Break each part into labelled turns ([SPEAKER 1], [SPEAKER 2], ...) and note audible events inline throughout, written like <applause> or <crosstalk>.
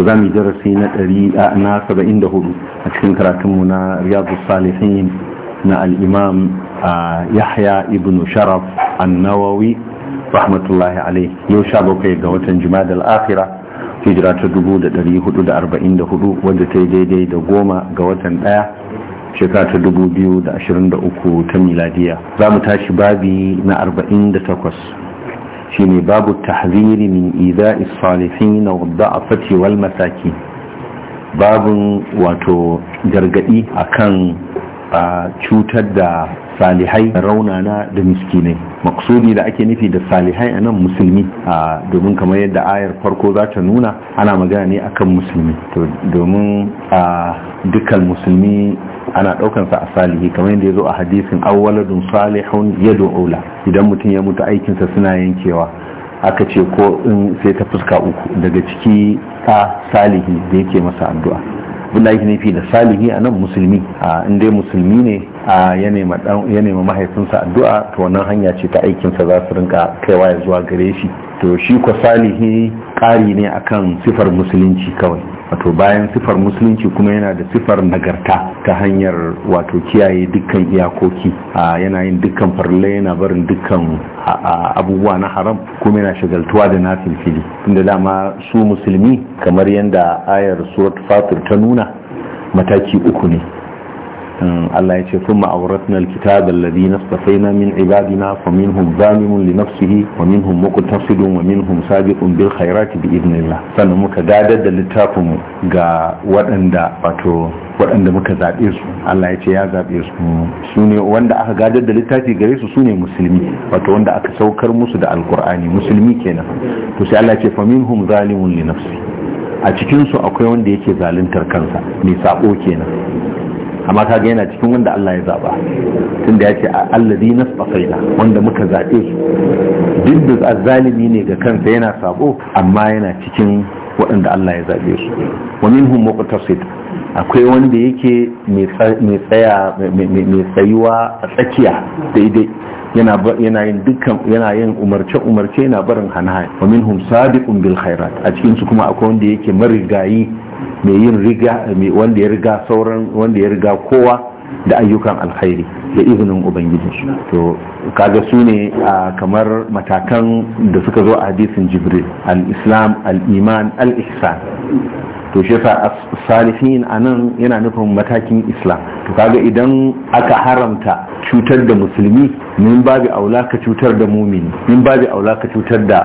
[SPEAKER 1] To za mu yi darasi na ɗari na saba'in da hudu a cikin karatunmu na riyadu salihin na al'imam yahya ibn sharaf Nawawi, rahmatullahi alai yau sha bakwai ga watan jima'a al'afira hijira ta dubu da ɗari hudu da arba'in da hudu wadda ta yi daidai da goma ga watan ɗaya shekara ta dubu biyu da ashirin da uku ta miladiya za mu tashi babi na arba'in da takwas shine babu tahziri min ida'i salihin wa da'afati wal masakin babun wato gargadi akan a cutar da salihai da raunana da miskinai maksudi da ake nufi da salihai a nan musulmi a domin kamar yadda ayar farko za ta nuna ana magana ne akan musulmi to domin a dukkan musulmi ana ɗaukansa a salihi kamar yadda ya zo a hadisin awwaladun salihun yadda do'ula idan mutum ya mutu aikinsa suna yankewa aka ce ko in sai ta fuska uku daga ciki ta salihi da yake masa addu'a abdullahi ne fi da salihi a nan musulmi a inda musulmi ne ya nema mahaifinsa addu'a to wannan hanya ce ta aikinsa za su rinka kaiwa ya zuwa gare shi to shi ko salihi ƙari ne akan sifar musulunci kawai wato bayan sifar musulunci kuma yana da sifar nagarta ta hanyar wato kiyaye dukkan iyakoki a yana yin dukkan farle yana barin dukkan abubuwa na haram kuma yana shagaltuwa da na filfili tunda dama su musulmi kamar yadda ayar surat fatur ta nuna mataki uku ne Mm, Allah ya ce kuma auratna alkitab alladhi nastafaina min ibadina fa minhum zalimun li nafsihi wa minhum muqtasidun wa minhum sabiqun bil khairati bi idnillah sannan muka dadar da littafin ga waɗanda wato waɗanda muka zaɓe su Allah ya ce ya zaɓe su su ne wanda aka gadar da littafi gare su su ne musulmi wato wanda aka saukar musu da alkur'ani musulmi kenan to sai Allah ya ce fa minhum zalimun li nafsihi a cikinsu akwai wanda yake zaluntar kansa mai sabo kenan amma kaga yana cikin wanda Allah ya zaba tunda ya ce allazi nasfaina wanda muka zabe shi duk da azzalimi ne ga kansa yana sabo amma yana cikin waɗanda Allah ya zabe su wa minhum muqtasid akwai wanda yake mai tsaya mai tsayuwa a tsakiya daidai yana yin dukkan yana yin umarce umarce yana barin hanaye wa minhum sabiqun bil khairat a cikin su kuma akwai wanda yake marigayi mai yin riga wanda ya riga sauran wanda ya riga kowa da ayyukan alkhairi da izinin ubangiji to kaga su ne kamar matakan da suka zo a hadisin jibril al-islam al-iman al-ihsan to shi yasa salihin anan yana nufin matakin islam to kaga idan aka haramta cutar da musulmi min bi aula ka cutar da mumini min bi aula ka cutar da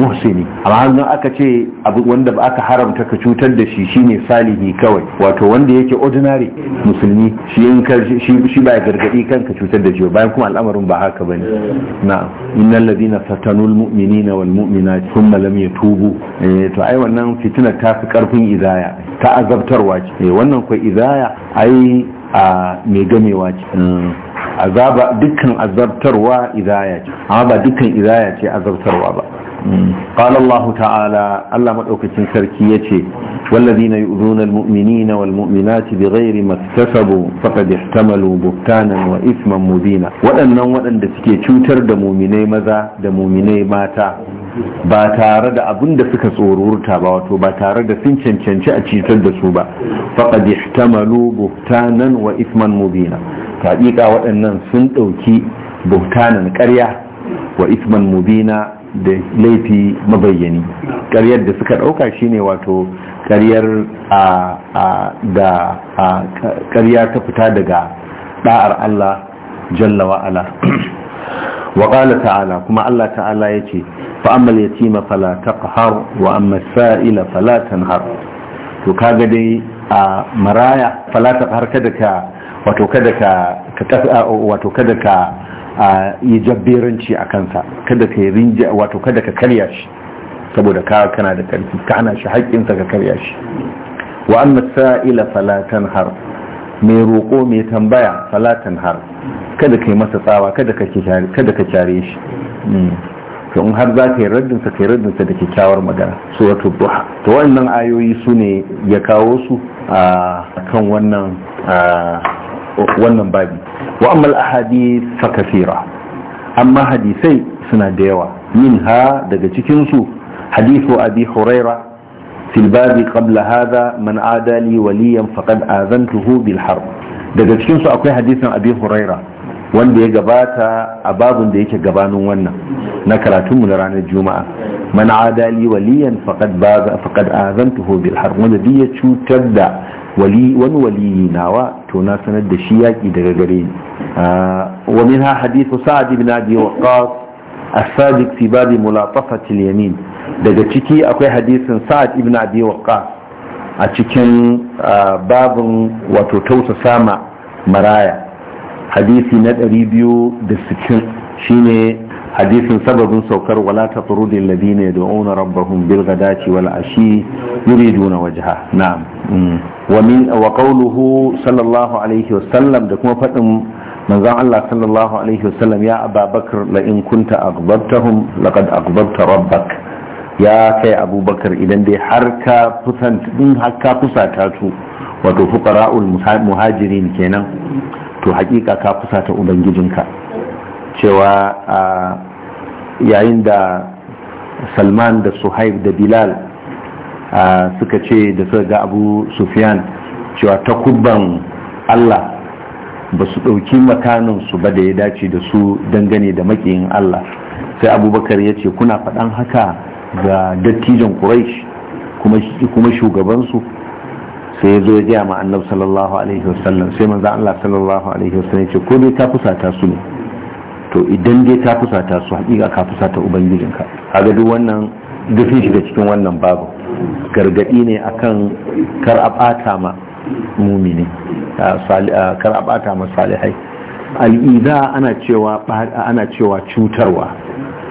[SPEAKER 1] muhsini amma hannun aka ce abu wanda ba aka haramta ka cutar da shi shine salihi kawai wato wanda yake ordinary musulmi shi in ka shi ba gargadi kan ka cutar da shi bayan kuma al'amarin ba haka bane na'am innal ladina fatanul mu'minina wal mu'minat thumma lam yatubu eh, to ai wannan fitinar ta fi karfin izaya ta azabtarwa ce eh, wannan kwa izaya ai a mai gamewa ce mm. azaba dukkan azabtarwa izaya ce amma ba dukkan izaya ce azabtarwa ba قال الله تعالى الله مدوكتين سركي يتي والذين يؤذون المؤمنين والمؤمنات بغير ما اكتسبوا فقد احتملوا بهتانا واثما مبينا waɗannan waɗanda suke cutar da muminai maza da muminai mata ba tare da abin da suka tsorurta ba wato ba tare da sun cancanci a cutar da su ba faqad ihtamalu buhtanan wa isman mubina haƙiƙa waɗannan sun ɗauki buhtanan ƙarya wa isman mubina da laifi mabayyani karyar da suka ɗauka shine wato karyar da karyar ta fita daga ɗa'ar Allah jalla wa'ala wa <clears throat> ta'ala kuma Allah ta'ala ya ce ya yatima fala taqhar wa amma sa'ila fala tanhar to kaga dai a maraya fala taqhar kada ka wato kada ka wato kada ka a yi jabberanci a kansa kada ka yi wato kada ka karya shi saboda ka kana da karfi ka ana shi haƙƙinsa ka karya shi wa annas sa'ila falatan har mai roƙo mai tambaya falatan har kada ka yi masa tsawa kada ka kada shi hmm. to in har za ka yi raddinsa ka yi raddinsa da kyakkyawar magana wato duha to wannan ayoyi su ne ya kawo su a kan wannan babi wa ammal ahadith fa kathira amma hadisai suna da yawa minha daga cikin su hadithu abi huraira fil babi qabla hadha man adali waliyan faqad azantuhu bil harb daga cikin su akwai hadisin abi huraira wanda ya gabata a babun da yake gabanin wannan na karatunmu na ranar juma'a man adali waliyan faqad baza faqad azantuhu wanda duk ya cutar da wani wali nawa to na sanar da shi yaki daga gare ni ah, wa ha hadithu sa'd ibn abi waqqas as-sadiq fi bab mulatafati al-yamin daga ciki akwai hadisin Sa'ad ibn abi waqqas a cikin ah, babin wato tausa sama maraya hadisi na 260 shine hadisin sababin saukar wala ta turudin ladina da da'una rabbahum bil gadaci wal ashi yuriduna wajha na'am mm. wa min wa qawluhu sallallahu alaihi wa sallam da kuma fadin manzon Allah sallallahu alaihi wa sallam ya Ababakar la in kunta aghdabtahum laqad aghdabta rabbak ya kai abubakar idan dai har ka fusanta in har ka fusata su wato fuqara'ul muhajirin kenan to hakika ka fusata ubangijinka cewa yayin da salman da suhaib da bilal suka ce da suka ga abu sufyan cewa takubban allah ba su ɗauki makaninsu ba da ya dace da su dangane da makiyin allah sai abubakar ya ce kuna faɗan haka ga dattijan quraish kuma shugabansu sai ya zo ya gaya ma annabi sallallahu alaihi wasallam sai manzo allah sallallahu alaihi wasallam ya ce ko dai ta fusata su ne to idan dai ta fusata su hakika ka fusata ubangijinka kaga duk wannan dufin shi da cikin wannan babu gargadi ne akan kar a bata ma mumini kar a bata ma salihai al'iza ana cewa ana cewa cutarwa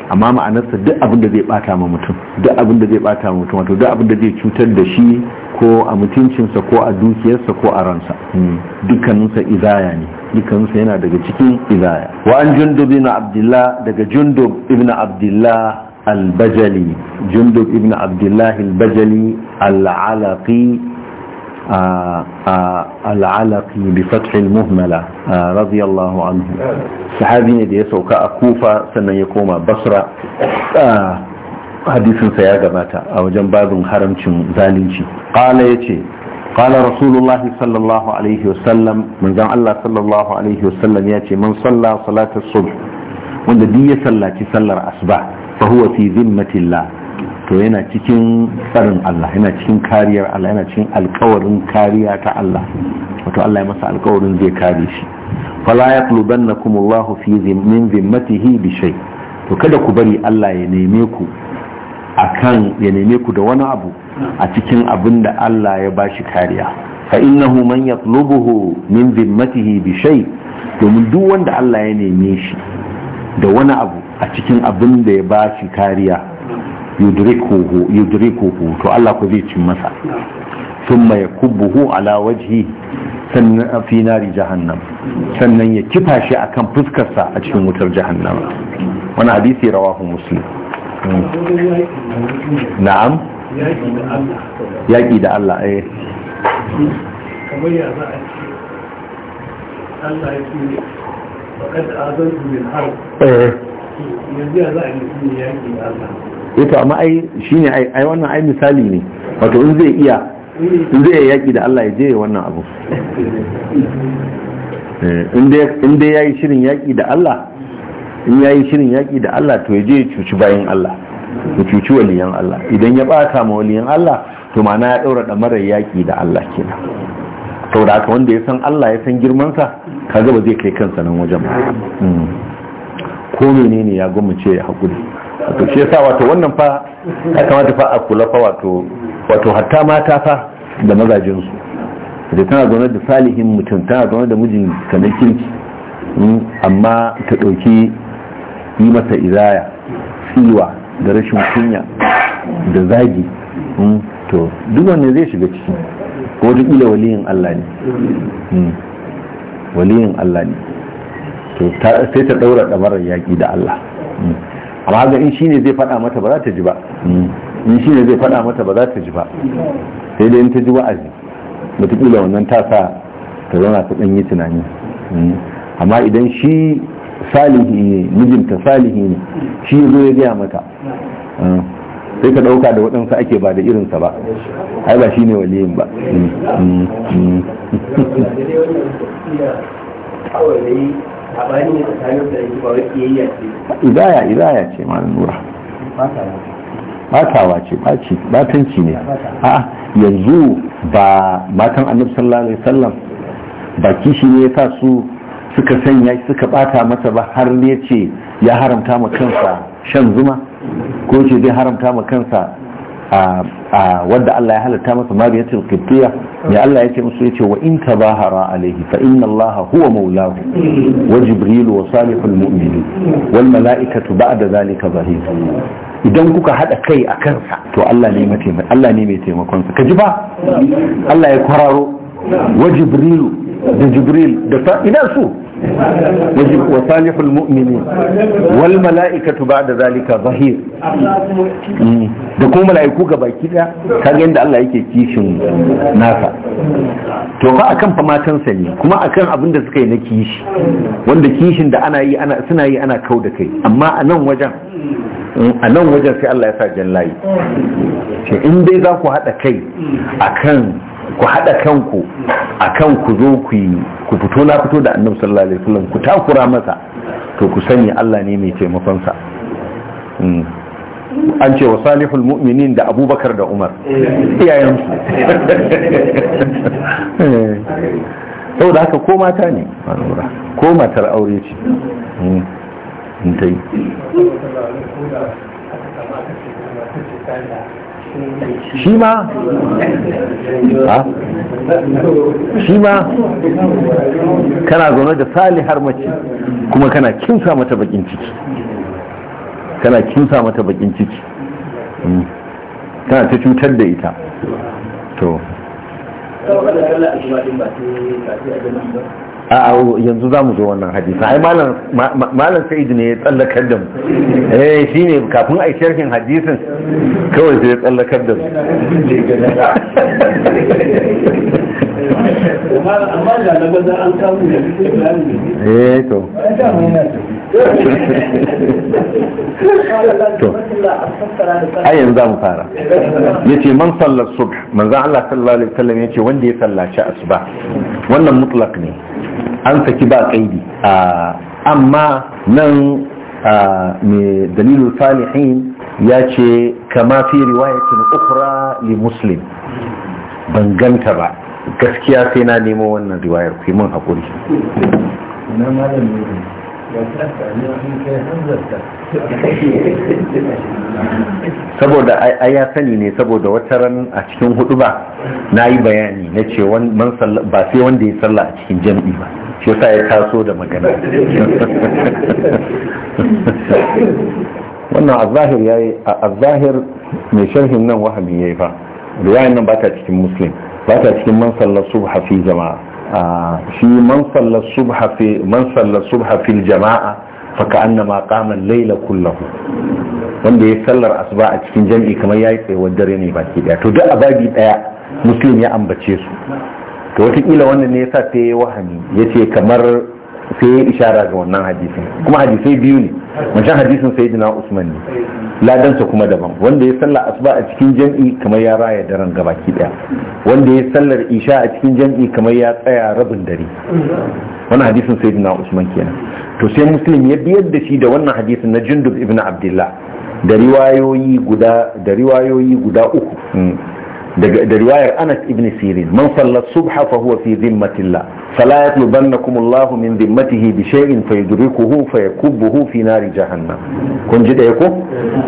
[SPEAKER 1] amma ma'anarsa duk abin da zai bata ma mutum duk abin da zai bata ma mutum wato duk abin da zai cutar da shi ko a mutuncinsa ko a dukiyarsa ko a ransa hmm. dukkaninsa izaya ne dukansu yana daga cikin izaya wa an jundub ibn abdullah daga jundub ibn abdullah al-bajali jundub ibn abdullah al-bajali al-alaqi al-alaqi bi fath al-muhmala radiyallahu anhu sahabi ne da ya sauka a kufa sannan ya koma basra hadisin sa ya gabata a wajen babin haramcin zalunci qala yace قال رسول الله صلى الله عليه وسلم من زم الله صلى الله عليه وسلم من صلى صلاة الصبح wanda duk ya sallaci sallar asuba fa huwa fi zimmatillah to yana cikin tsarin Allah yana cikin kariyar Allah yana cikin alkawarin kariya ta Allah wato Allah ya masa alkawarin zai kare shi fala yaqlubannakum Allah fi min zimmatihi bi shay to kada ku bari Allah ku akan ya neme ku da wani abu a cikin abin da Allah ya bashi kariya fa innahu man yatlubuhu min zimmatihi bi shay domin duk wanda Allah ya neme shi da wani abu a cikin abin da ya bashi kariya yudrikuhu yudrikuhu to Allah ku zai cin masa thumma yakubuhu ala wajhi sannan fi nari jahannam sannan ya kifa shi akan fuskarsa a cikin wutar jahannam wani hadisi rawahu muslim hmm.
[SPEAKER 2] na'am yaƙi
[SPEAKER 1] da Allah eh
[SPEAKER 2] kamar ya za a ce Allah ya ce faƙad azan min har eh. yanzu ya za a yi ne yaƙi da Allah
[SPEAKER 1] ita eh, amma ai ne ai wannan ai misali ne wato in zai iya in zai yaƙi da Allah ya je wannan abu eh, in dai ya yi shirin yaƙi da Allah in ya yi shirin yaƙi da Allah to ya je ya cuci bayan Allah ya cuci waliyan Allah idan ya bata ma waliyan Allah to ma'ana ya daura marar yaki da Allah kenan to da haka wanda ya san Allah ya san girman sa kaga ba zai kai kansa nan wajen ba hmm. ko menene ya gwamnati ya hakuri to shi yasa wato wannan fa ya kamata fa a kula fa wato wato hatta mata fa da mazajin su da tana zaune da salihin mutum tana zaune da mijin kanakin hmm. amma ta dauki yi masa izaya siwa da rashin kunya da zagi hmm, to duk wanne zai shiga ciki ko duk ila waliyin Allah ne hmm, waliyin Allah ne to sai ta ɗaura ɗamarar yaƙi da Allah hmm, amma ga in shine zai faɗa mata ba za ta ji ba in shine zai fada mata ba za ta ji ba sai dai in ta ji wa'azi wataƙila wannan ta sa ta zauna ta ɗan yi tunani amma idan shi salihi ne mijinta salihi ne shi zo ya gaya maka hmm. ah, sai ka ɗauka da waɗansu ake ba da irinsa ba ai ba shi ne waliyin ba hmm. Hmm. idaya idaya ce malam nura batawa ce batanci ne a yanzu ba matan annabi sallallahu alaihi wasallam ba kishi ne ya sa su suka sanya suka bata masa ba har ne ce ya haramta ma kansa shan zuma ko ce zai haramta ma kansa a wadda Allah ya halatta masa ma mariyatul qibtiyya ya Allah yake musu yace wa in tabahara alayhi fa inna Allah huwa maulahu wa jibril wa salihul mu'minin wal malaikatu ba'da zalika zahir idan kuka hada kai a kansa to Allah ne mai Allah ne mai taimakon sa ji ba
[SPEAKER 3] Allah ya kwararo
[SPEAKER 1] wa jibril da jibril da idan su wa salihul mu'minin wal mala'ikatu ba'da zalika zahir da kuma mala'iku ga baki da kaga yanda Allah yake kishin nasa to fa akan fa matan ne kuma akan abin da suka yi na kishi wanda kishin da yi ana suna yi ana kau kai amma a nan wajen sai Allah ya sa Jan jallayi in dai za ku haɗa kai akan ku haɗa kanku a kan ku zo ku fito na fito da annabi sallallahu alaihi wasallam ku takura masa to ku sani Allah ne mai taimakon sa. Hmm. an ce wa salihul mu'minin da abubakar da umar iyayensu <laughs> sau da haka ko mata ne ko matar aure ce hmm.
[SPEAKER 2] shi ma
[SPEAKER 3] shi ma kana
[SPEAKER 1] zaune da salihar mace kuma kana kinsa mata bakin ciki kana kinsa mata bakin ciki hmm. kana ta cutar da ita to a yanzu za mu zo wannan hadisi ai malam sa'id ne ya tsallakar da mu eh shi ne kafin a sharhin hadisin kawai sai ya tsallakar da mu
[SPEAKER 2] amma da na gwaza an samu da eh to to ai yanzu za mu fara Ya ce man
[SPEAKER 1] sallar subh manzo Allah sallallahu alaihi wasallam yace wanda ya sallaci asuba wannan mutlak ne an saki ba kaidi amma nan mai dalilul falihin ya ce kama fi riwayatin ukura li muslim ban ganta ba gaskiya sai na nemo wannan riwayar ku mun haƙuri saboda a ya sani ne saboda wata ran a cikin hudu ba na yi bayani na ce ba sai wanda ya salla a cikin jam'i ba shi sa ya taso da magana wannan azahir ya yi azahir mai sharhin nan wahami ya yi fa riwayan nan ba ta cikin muslim ba ta cikin man sallar subha fi jama'a shi man sallar subha fi man sallar subha fi jama'a fa ka annama qama al-layla kullahu wanda ya sallar asuba a cikin jami'i kamar yayi tsayuwar dare ne baki daya to duk babi daya muslim ya ambace su
[SPEAKER 3] to watakila wannan
[SPEAKER 1] ne yasa ta yi wahami ya ce kamar sai ya ishara ga wannan hadisin kuma hadisai biyu ne wancan hadisin sai jina usman ne ladansa kuma daban wanda ya sallar asuba a cikin jam'i kamar ya raya daren gabaki daya wanda ya sallar isha a cikin jam'i kamar ya tsaya rabin dare wannan hadisin sai jina usman kenan to sai muslim ya biyar da shi da wannan hadisin na jundub ibn abdullah da riwayoyi guda da riwayoyi guda uku hmm. da riwayar anas ibn sirin man salla subha fa huwa fi zimmatillah fala yatlubannakum Allahu min zimmatihi bi shay'in fa fayakubbuhu fi nari jahannam kun ji dai ko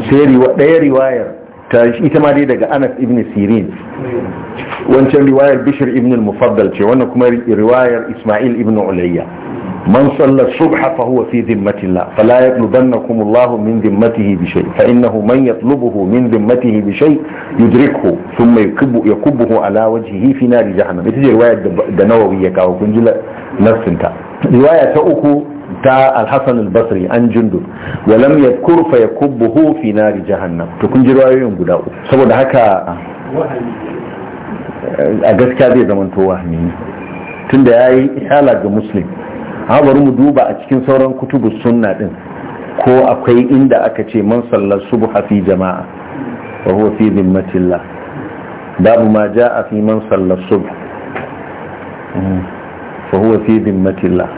[SPEAKER 1] sai daya riwayar ta ita ma dai daga anas ibn sirin wancan riwayar bishr ibn al-mufaddal ce wannan kuma riwayar isma'il ibn ulayya من صلى الصبح فهو في ذمة الله فلا يطلبنكم الله من ذمته بشيء فإنه من يطلبه من ذمته بشيء يدركه ثم يكب يكبه على وجهه في نار جهنم تجي رواية دنووية كاو كنجل نفس انت رواية أخو تا الحسن البصري عن جندب ولم يذكر فيكبه في نار جهنم تكون رواية ينبدأ سبو هكا a gaskiya zai zama to wahimi tunda ya yi ihala ga muslim ha bari mu duba a cikin sauran kutubu sunna din ko akwai inda aka ce man sallar subha fi jama'a wa huwa fi zimmatillah babu ma ja'a fi man sallar subha hmm. fa huwa fi zimmatillah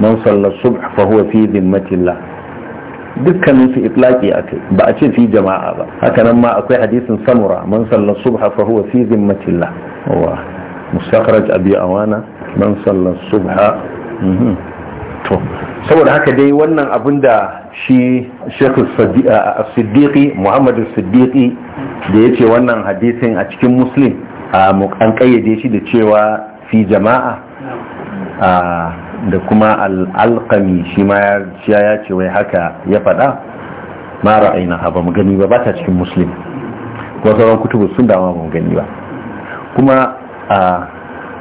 [SPEAKER 1] man sallar subha fa huwa fi zimmatillah dukkanin su itlaqi akai ba a ce fi jama'a ba haka nan ma akwai hadisin samura man sallar subha fa huwa fi zimmatillah wa mustakhraj abi awana man sallar subha Mhm. to saboda haka dai wannan abin da shi Sheikh Siddiqi Muhammadu Siddiqi da ya ce wannan hadisin a cikin Muslim an ƙayyade shi da cewa fi jama'a da kuma al'alƙami shi ma ya ce wai haka ya faɗa mara aina ha ba mu gani ba ba ta cikin muslim ko sauran kutubu sun dama ba mu gani ba kuma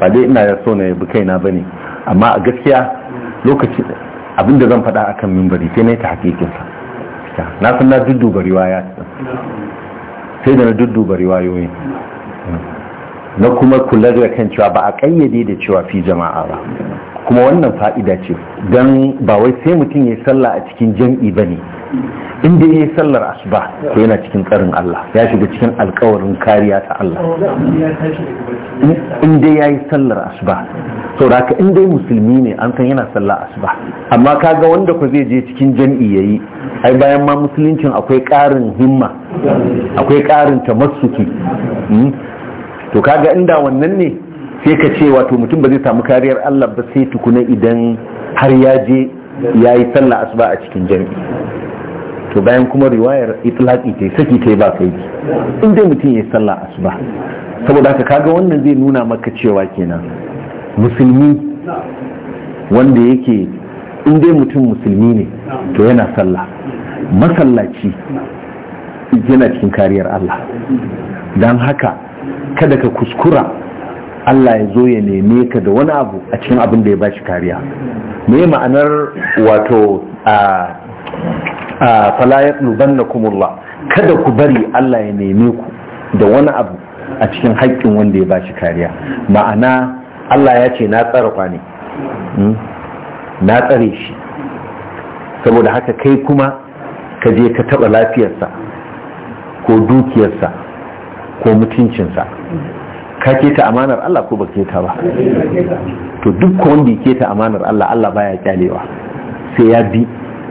[SPEAKER 1] ba dai ina so na yabi kaina bane amma a gaskiya lokaci abinda zan faɗa akan mimbari sai na yi ta hakikinsa na san na dudduba riwaya sai da na dudduba riwayoyi na kuma kula da kan cewa ba a kayyade da cewa fi jama'a ba kuma wannan fa'ida ce don ba wai sai mutum ya sallah a cikin jam'i ba ne inda ya yi sallar asuba to yana cikin tsarin Allah ya shiga cikin alkawarin kariya ta Allah inda ya yi sallar asuba sau da haka inda musulmi ne an san yana sallar asuba amma kaga wanda ku zai je cikin jam'i ya yi ai bayan ma musuluncin akwai ƙarin himma akwai ƙarin tamassuki hmm? to kaga inda wannan ne sai ka ce wato mutum ba zai samu kariyar Allah ba sai tukuna idan har ya je ya yi sallah asuba a cikin jami'i to bayan kuma riwayar itlaki ta saki ta ba kai in dai mutum ya yi sallah asuba saboda haka kaga wannan zai nuna maka cewa kenan musulmi wanda yake in dai mutum musulmi ne to yana sallah masallaci yana cikin kariyar Allah Dan haka kada ka kuskura Allah ya zo ya neme ka da wani abu a cikin abin da ya bashi kariya me ma'anar wato a falayat nubannakumullah kada ku bari Allah ya neme ku da wani abu a cikin haƙƙin wanda ya bashi kariya ma'ana Allah ya ce na tsare kwani hmm? na tsare shi saboda haka kai kuma ka je ka taɓa lafiyarsa ko dukiyarsa ko mutuncinsa ka keta amanar Allah ko ba keta ba to duk wanda ya keta amanar Allah Allah baya kyalewa sai ya bi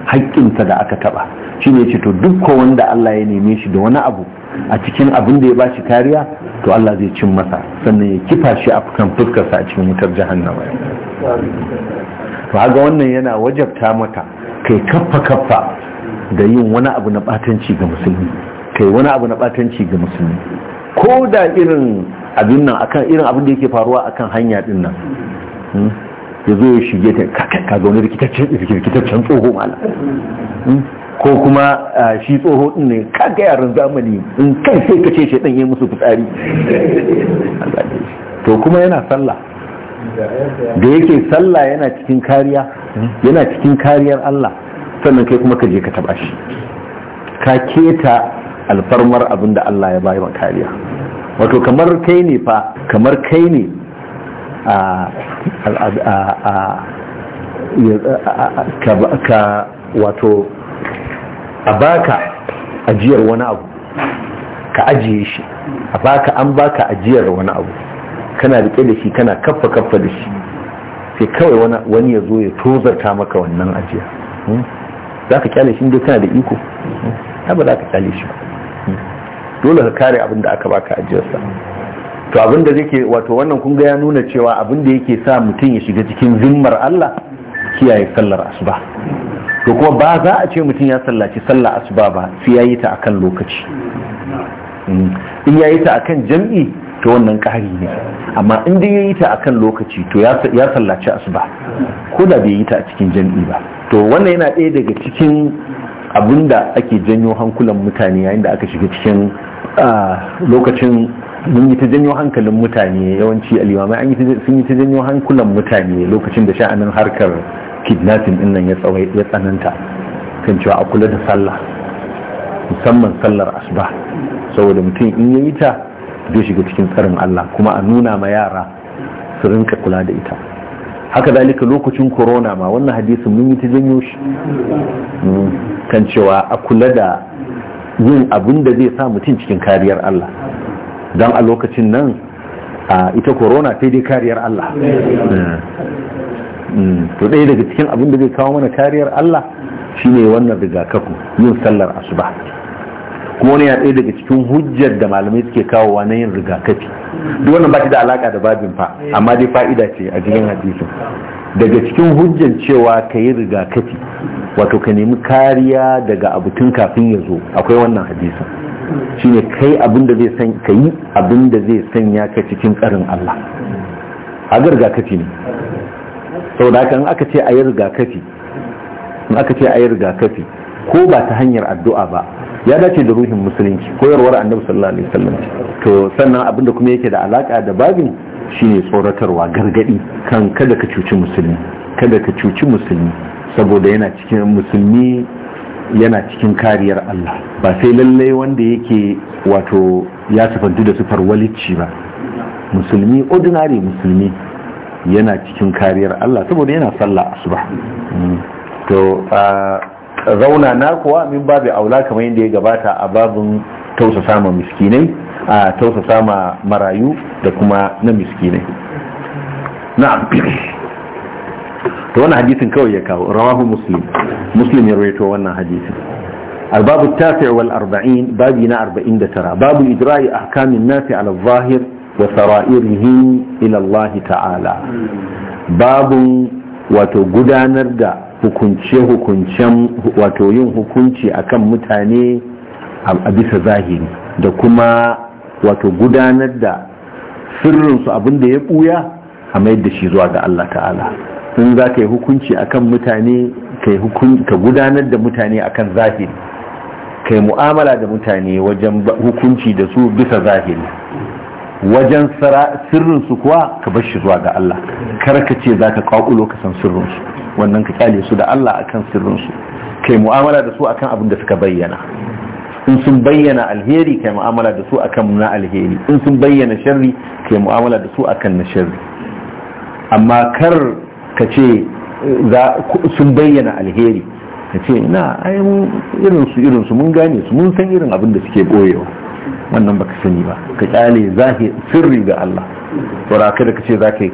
[SPEAKER 1] haƙƙinsa da aka taɓa shi ne ce to duk wanda Allah ya neme shi da wani abu a cikin abin da ya ba shi kariya to Allah zai cin masa sannan ya kifa shi a kan fuskarsa a cikin wutar jahannama to haga wannan yana wajabta mata kai kaffa kaffa da yin wani abu na batanci ga musulmi kai wani abu na batanci ga musulmi ko da irin abin nan akan irin abin da yake faruwa akan hanya din nan hmm? ya zo ya shige ta ka zaune rikitaccen tsoho mala hmm? ko kuma shi tsoho din ne ga yaran zamani in kai sai ka ce shaidan ya musu fitsari to kuma yana sallah da yake sallah yana cikin kariya hmm? yana cikin kariyar Allah sannan kai kuma ka je ka taba shi ka keta alfarmar abin da Allah ya bayi kariya wato kamar kai ne fa kamar kai ne ka wato a baka ajiyar wani abu ka ajiye shi a baka an baka ajiyar wani abu kana rike da shi kana kaffa kaffa da shi sai kawai wani ya zo ya tozarta maka wannan ajiya hmm? za ka kyale shi inda kana da iko hmm? ba za ka kyale shi ba hmm? dole ka kare abin da aka baka ajiyarsa to abin da zai wato wannan kun ga ya nuna cewa abin da yake sa mutum ya shiga cikin zimmar Allah kiyaye sallar asuba to kuma ba za a ce mutum ya sallaci sallar asuba ba sai yi ta akan lokaci in ya yi ta akan jam'i to wannan ƙari ne amma in dai yi ta akan lokaci to ya sallaci asuba ko da bai yi ta a cikin jam'i ba to wannan yana ɗaya daga cikin abin da ake janyo hankulan mutane yayin da aka shiga cikin lokacin mun yi ta janyo hankalin mutane yawanci alimamai an yi ta janyo hankulan mutane lokacin da sha'anin harkar kidnapping din nan ya tsananta kan cewa a kula da sallah musamman sallar asuba saboda mutum in yi ta zai shiga cikin tsarin Allah kuma a nuna ma yara su rinka kula da ita haka dalika lokacin corona ma wannan hadisin mun yi ta janyo shi mm, kan cewa a kula da yin abin da zai sa mutum cikin kariyar Allah don a lokacin nan ita corona sai dai kariyar Allah mm, to ɗaya daga cikin abin da zai kawo mana kariyar Allah shi ne wannan rigakafi yin sallar asuba kuma wani ya ɗaya daga cikin hujjar da malamai suke kawowa na yin rigakafi duk wannan ba shi da alaka da babin fa amma dai fa'ida ce a cikin hadisin
[SPEAKER 3] daga cikin
[SPEAKER 1] hujjan cewa ka yi rigakafi wato ka nemi kariya daga abutun kafin ya zo akwai wannan hadisin shine kai abin da zai san ka yi abin da zai sanya ka cikin tsarin Allah a rigakafi ne saboda haka aka ce a yi rigakafi in aka ce a yi rigakafi ko ba ta hanyar addu'a ba ya dace da ruhin musulunci koyarwar annabi sallallahu alaihi wasallam to sannan abinda kuma yake da alaka da babin shine tsoratarwa gargadi kan kada ka cuci musulmi kada ka cuci musulmi saboda yana cikin musulmi yana cikin kariyar Allah ba sai lallai wanda yake wato ya sifantu da sifar walicci ba musulmi ordinary musulmi yana cikin kariyar Allah saboda yana sallah asuba mm. to ah, zauna na kuwa min babu aula kamar yadda ya gabata a babin tausasa ma miskinai a tausasa ma marayu da kuma na miskinai na'am to wannan hadisin kawai ya kawo rawahu muslim muslim ya rawaito wannan hadisin الباب التاسع والأربعين بابنا أربعين دترى باب إجراء أحكام الناس على الظاهر ila إلى ta'ala babu wato gudanar da. hukunce-hukuncen wato yin hukunci akan mutane a bisa zahiri da kuma wato gudanar da sirrinsu abinda ya buya a mai da shi zuwa ga Allah ta'ala in za ka yi hukunci akan mutane ka gudanar da mutane akan zahiri ka yi mu'amala da mutane wajen hukunci da su bisa zahiri wajen sirrinsu kuwa ka bar shi zuwa ga Allah kar ka ce za ka kwakulo ka san sirrinsu wannan ka kyale su da Allah akan sirrinsu kai mu'amala da su akan abin da suka bayyana in sun bayyana alheri kai mu'amala da su akan na alheri in sun bayyana sharri kai mu'amala da su akan na sharri amma kar ka ce sun bayyana alheri ka ce ina ai irinsu irinsu mun gane su mun san irin abin da suke boyewa wannan baka sani ba ka kyale zahir sirri ga Allah saboda kada ka ce za ka yi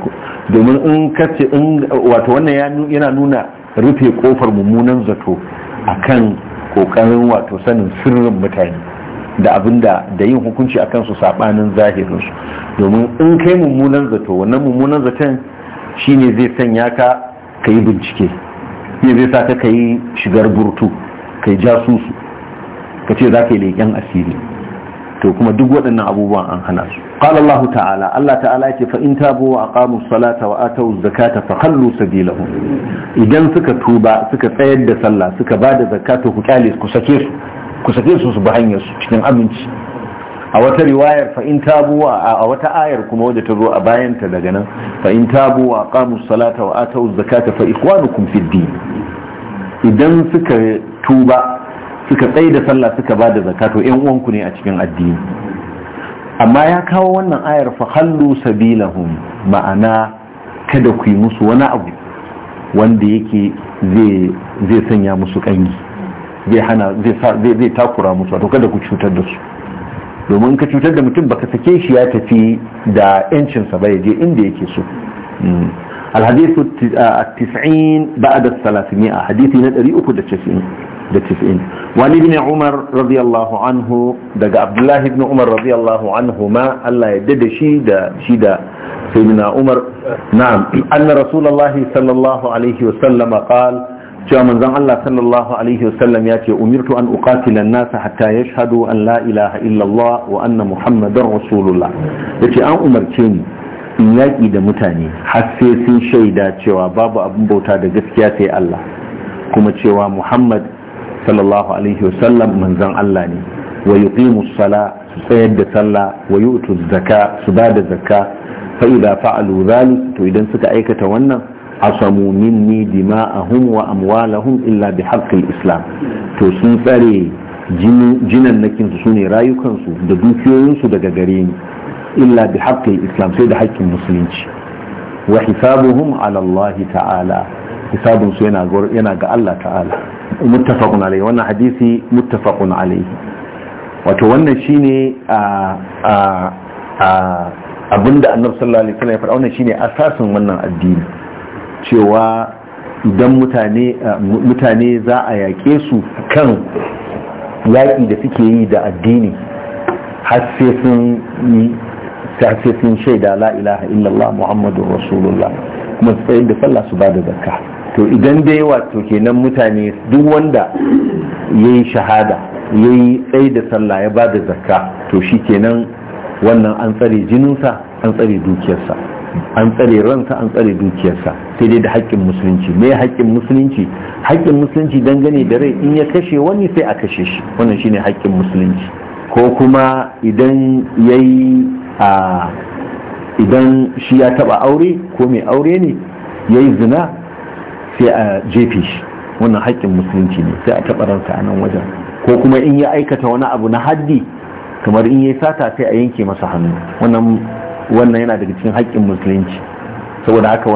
[SPEAKER 1] domin in kace in wato wannan yana nuna rufe kofar mummunan zato akan kokarin wato sanin sirrin mutane da abinda da yin hukunci akan su sabanin zahirin su domin in kai mummunan zato wannan mummunan zaton shine zai sanya ka ka bincike ne zai sa ka ka shigar burtu ka jasusu kace ce za yi leƙen asiri to kuma duk waɗannan abubuwan an hana su qala Allah ta'ala Allah ta'ala yake fa in tabu wa aqamu salata wa atu zakata fa khallu sabilahum idan suka tuba suka tsayar da sallah suka bada zakata ku kyale ku sake su ku sake su su bi hanyar su cikin aminci a wata riwayar fa in tabu a wata ayar kuma wadda ta zo a bayanta daga nan fa in tabu wa aqamu salata wa atu zakata fa ikwanukum fid din idan suka tuba suka tsaye da sallah suka ba da zakato yan uwanku ne a cikin addini amma ya kawo wannan ayar fa hallu sabilahum ma'ana kada ku yi musu wani abu wanda yake zai sanya musu kangi zai hana zai takura musu to kada ku cutar da su domin ka cutar da mutum baka sake shi ya tafi da yancinsa ba ya je inda yake so hmm. alhadithu at-tis'in ba'da ath-thalathmi'a hadithi na 390 da 90 wali ibn umar radiyallahu anhu daga abdullah ibn umar radiyallahu anhu ma Allah ya dade shi da umar na'am anna rasulullah sallallahu alayhi wa sallam qala cewa manzon Allah sallallahu alayhi wa sallam yace umirtu an uqatila nasa nas hatta yashhadu an la ilaha illa Allah wa anna muhammadar rasulullah yace an umarce ni sun yaƙi da mutane har sai sun shaida cewa babu abin bauta da gaskiya sai Allah kuma cewa Muhammad sallallahu alaihi wasallam manzon Allah ne wa yuqimu sala su tsayar da sallah wa yu'tu zakka su ba da zakka fa idza fa'alu dhalik to idan suka aikata wannan asamu minni dima'ahum wa amwalahum illa bihaqqil islam to sun tsare jinan nakinsu su ne rayukansu da dukiyoyinsu daga gare ni illa bi الإسلام islam sai da haƙƙin musulunci wa تعالى ala سينا ta'ala hisabun yana ga Allah ta'ala muttafaqun alayhi wannan hadisi muttafaqun alayhi wato wannan shine a a abinda annabi sallallahu alaihi wasallam shine wannan addini cewa idan mutane mutane za a yaƙe su kan yaƙi da suke yi da addini har sai sun yi tafifin shaida la ilaha illallah muhammadun rasulullah kuma su da sallah su bada zakka to idan dai wato kenan mutane duk wanda ya yi shahada ya yi tsayi da sallah ya bada zakka to shi kenan wannan an tsare jininsa an tsare dukiyarsa an tsare ransa an tsare dukiyarsa sai dai da haƙƙin musulunci me haƙƙin musulunci haƙƙin musulunci dangane da rai in ya kashe wani sai a kashe shi wannan shine haƙƙin musulunci ko kuma idan ya yi. a idan shi ya taba aure ko mai aure ne ya yi zina sai a jefe shi wannan haƙƙin musulunci ne sai a taɓa ransa a nan wajen ko kuma in ya aikata wani abu na haddi kamar in ya sata sai a yanke masa hannu wannan yana daga cikin haƙƙin musulunci saboda haka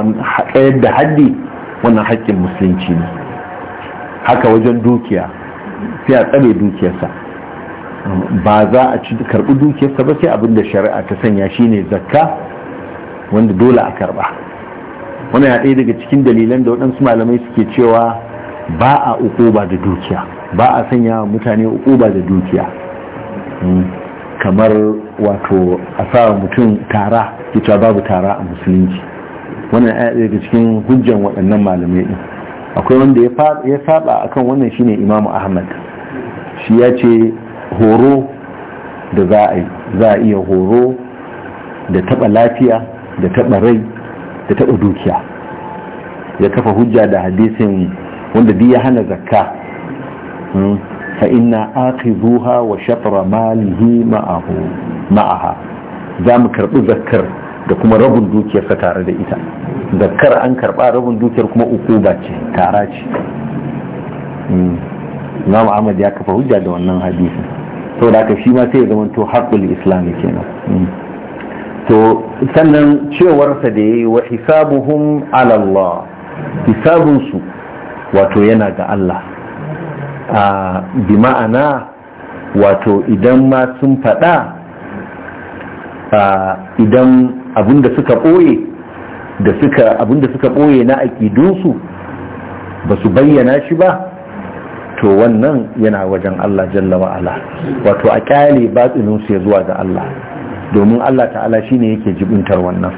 [SPEAKER 1] tsayar da haddi wannan haƙƙin musulunci ne haka wajen dukiya sai a tsare dukiyarsa ba za a ci karɓi dukiyarsa ba sai abin da shari'a ta sanya shine zakka wanda dole a karɓa wannan ya ɗaya daga cikin dalilan da waɗansu malamai suke cewa ba a ukuba da dukiya ba a sanya mutane ukuba da dukiya hmm. kamar wato a sa mutum tara cewa babu tara a musulunci wannan ya ɗaya daga cikin hujjan waɗannan malamai ɗin akwai wanda ya saba akan wannan shine imamu ahmad shi ya ce horo da za a yi za a iya horo da taɓa lafiya da taɓa rai da taɓa dukiya ya kafa hujja da hadisin wanda biya hana zakka hmm? fa inna aqizuha wa shatra malihi ma'ahu ma'aha za mu karbi zakkar da kuma rabin sa tare da ita zakkar an karɓa rabin dukiyar kuma uku ba ce tara ce hmm? Imam Ahmad ya kafa hujja da wannan hadisin da ka shi ma sai ya zama to haƙul islami kenan hmm. to sannan cewarsa da ya yi wa hisabuhum ala Allah hisabunsu wato yana ga Allah a bi ma'ana wato idan ma sun faɗa idan abinda suka ɓoye da suka abinda suka ɓoye na aƙidunsu ba su bayyana shi ba to wannan yana wajen Allah jalla wa'ala wato a kyale batsinin su ya zuwa ga Allah domin Allah ta'ala shi ne yake jibintar wannan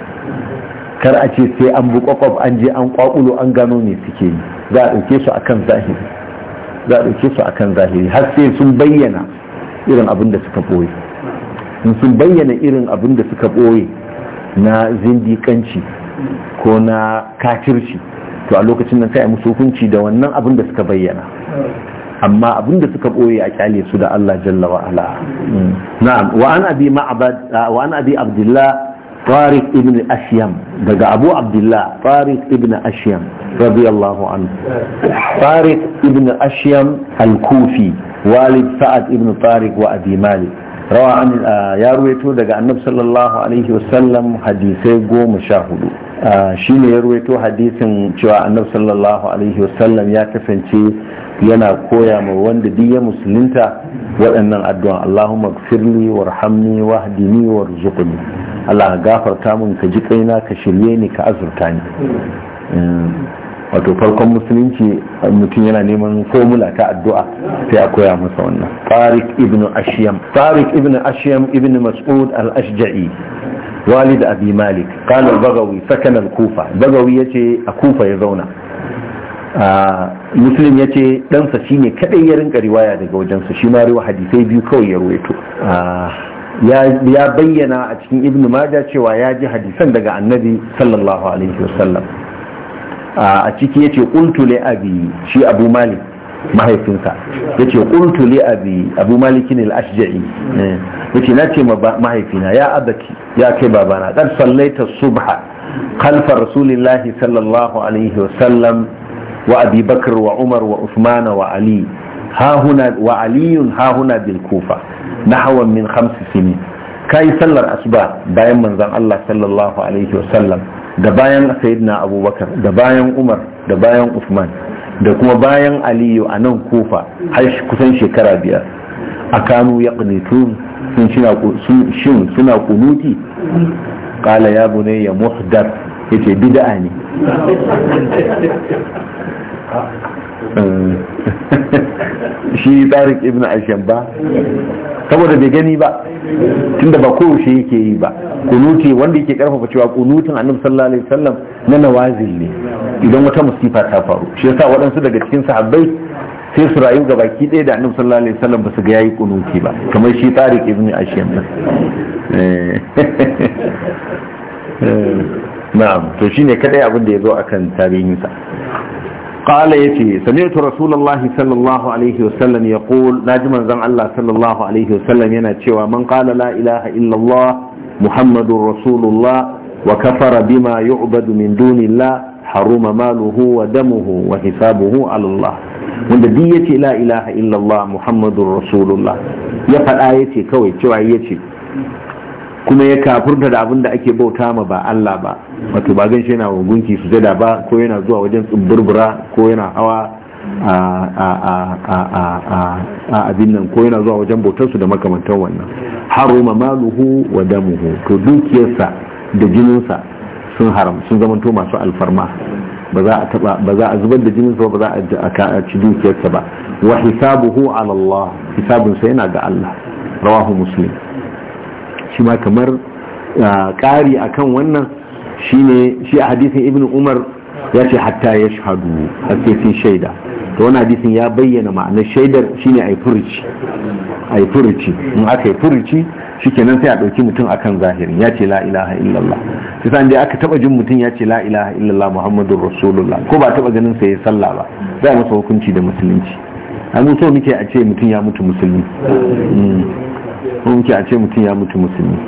[SPEAKER 1] kar a ce sai an bu an je an ƙwaƙulo an gano ne suke yi za a ɗauke su akan zahiri za a ɗauke su akan zahiri har sai sun bayyana irin abin da suka ɓoye sun bayyana irin abin da suka ɓoye na zindikanci ko na kafirci to a lokacin nan sai a musu hukunci da wannan abin da suka bayyana amma abinda suka boye a kyale su da Allah jalla wa ala na'am wa an abi ma'bad wa an abi abdullah طارق ابن أشيم دقى أبو عبد الله طارق ابن أشيم رضي الله عنه طارق ابن أشيم الكوفي والد سعد ابن طارق وأبي مالك rawa an ya ruwaito daga annab sallallahu alaihi wasallam hadisai goma sha hudu ne ya ruwaito hadisin cewa annab sallallahu alaihi wasallam ya kasance yana koya ma wanda duk ya musulunta waɗannan addu'a Allahumma gfirli warhamni wahdini warzuqni Allah gafarta mun ka ji kaina ka shirye ni ka azurta ni hmm. eh, wato farkon musulunci mutum yana neman formula ta addu'a sai a koya masa wannan tariq ibn ashiyam tariq ibn ashiyam ibn mas'ud al-ashja'i walid abi malik qala al sakana kufa bagawi yace a kufa ya zauna muslim ya ce ɗansa shine kadai ya rinka riwaya daga wajensa shi ma riwa hadisai biyu kawai ya ruwaito ya bayyana a cikin ibnu maja cewa ya ji hadisan daga annabi sallallahu alaihi wasallam a ciki yace qultu li abi shi abu malik mahaifinsa yace qultu li abi abu malik al-ashja'i eh. yace nace ma mahaifina ya abaki ya kai babana kad sallaita subha khalfa rasulillahi sallallahu alaihi wa sallam wa abi bakar wa umar wa uthman wa ali ha huna wa ali ha huna bil kufa nahwa min khams sinin kai sallar asuba bayan manzan Allah sallallahu alaihi wa sallam da bayan sayyidina abubakar da bayan umar da bayan usman da kuma bayan aliyu a nan kofa har kusan shekara biyar a kanu ya ƙunitun shin suna kunuti ƙala ya bune ya muhdar ya ce bida'a ne <laughs> eh. <laughs> shi tsarin ibn ashen ba saboda bai gani ba tunda ba shi yake yi ba kunuti wanda yake karfafa cewa kunutin annabi sallallahu alaihi wasallam na nawazil ne idan wata musifa ta faru shi yasa waɗansu daga cikin sahabbai sai su rayu ga baki ɗaya da annabi sallallahu alaihi wasallam ba su ga yayi kunuti ba kamar shi tariq ibn ashiyam eh. <laughs> eh na'am to shine kadai abin da ya yazo akan tarihinsa قال يتي سمعت رسول الله صلى الله عليه وسلم يقول ناجما زن الله صلى الله عليه وسلم ينتشوى من قال لا إله إلا الله محمد رسول الله وكفر بما يعبد من دون الله حرم ماله ودمه وحسابه على الله wanda duk yace la ilaha illallah muhammadur rasulullah ya faɗa yace kawai cewa yace kuma ya kafurta da abin da ake bauta ma ba Allah ba wato ba gan shi yana gunki su da ba ko yana zuwa wajen tsibirbura, ko yana hawa a abin nan ko yana zuwa wajen bautarsu da makamantar wannan haruma maluhu wa damuhu to dukiyarsa da jininsa sun haram sun zamanto masu alfarma ba za a zubar da jinin sa ba za a ci dukiyarsa ba wa hisabuhu ala Allah hisabinsa yana ga Allah rawahu muslim shi ma kamar ƙari a kan wannan shi ne shi a hadisin ibn umar ya ce hatta ya shahadu a sun shaida to wani hadisin ya bayyana ma'anar shaidar shi ne a yi furici in aka yi furici shi kenan sai a ɗauki mutum akan zahirin ya ce la ilaha illallah sai san dai aka taɓa jin mutum ya ce la ilaha illallah muhammadun rasulullah ko ba taɓa ganin sai ya sallah ba za a masa hukunci da musulunci an so muke a ce mutum ya mutu musulmi hmm. in a ce mutum ya mutu musulmi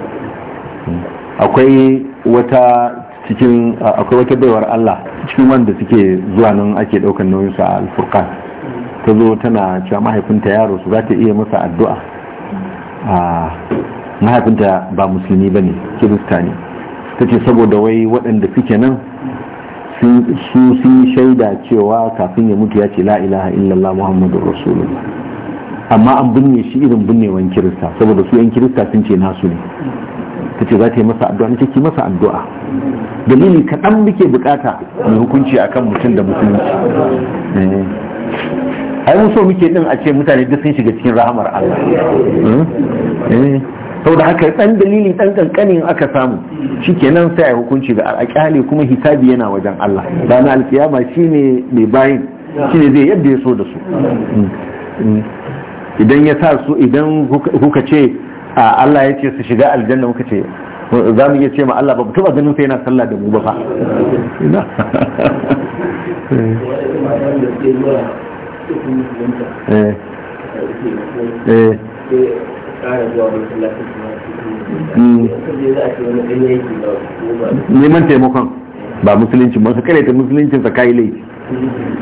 [SPEAKER 1] akwai wata cikin akwai wata baiwar Allah cikin wanda suke zuwa nan ake daukan nauyin sa a alfurkan ta zo tana cewa mahaifinta yaro su za ta iya masa addu'a a mahaifinta ba musulmi bane kirista ne tace saboda wai waɗanda suke nan su sun shaida cewa kafin ya mutu ya ce la ilaha illallah muhammadur rasulullah amma an binne shi irin binnewan kirista saboda su yan kirista sun ce nasu ne ta ce za ta yi masa addu'a na ki masa addu'a dalili kaɗan muke bukata mai hukunci akan mutum da musulunci eh. ai so muke ɗin a ce mutane duk sun shiga cikin rahamar Allah
[SPEAKER 3] eh.
[SPEAKER 1] Eh. saboda haka ɗan dalili ɗan ƙanƙanin aka samu shi nan sai yi hukunci da alƙali kuma hisabi yana wajen Allah ranar shi ne mai bayin ne zai yadda ya so da su hmm. Hmm. idan ya sa su idan kuka ce Allah ya ce su shiga aljanna kuka ce za mu iya ce ma Allah ba mu taba ganin sai yana sallah da mu ba fa <laughs>
[SPEAKER 2] eh. Eh. Eh. Hmm.
[SPEAKER 1] neman taimakon ba musulunci masu ta musulunci sa kai laifi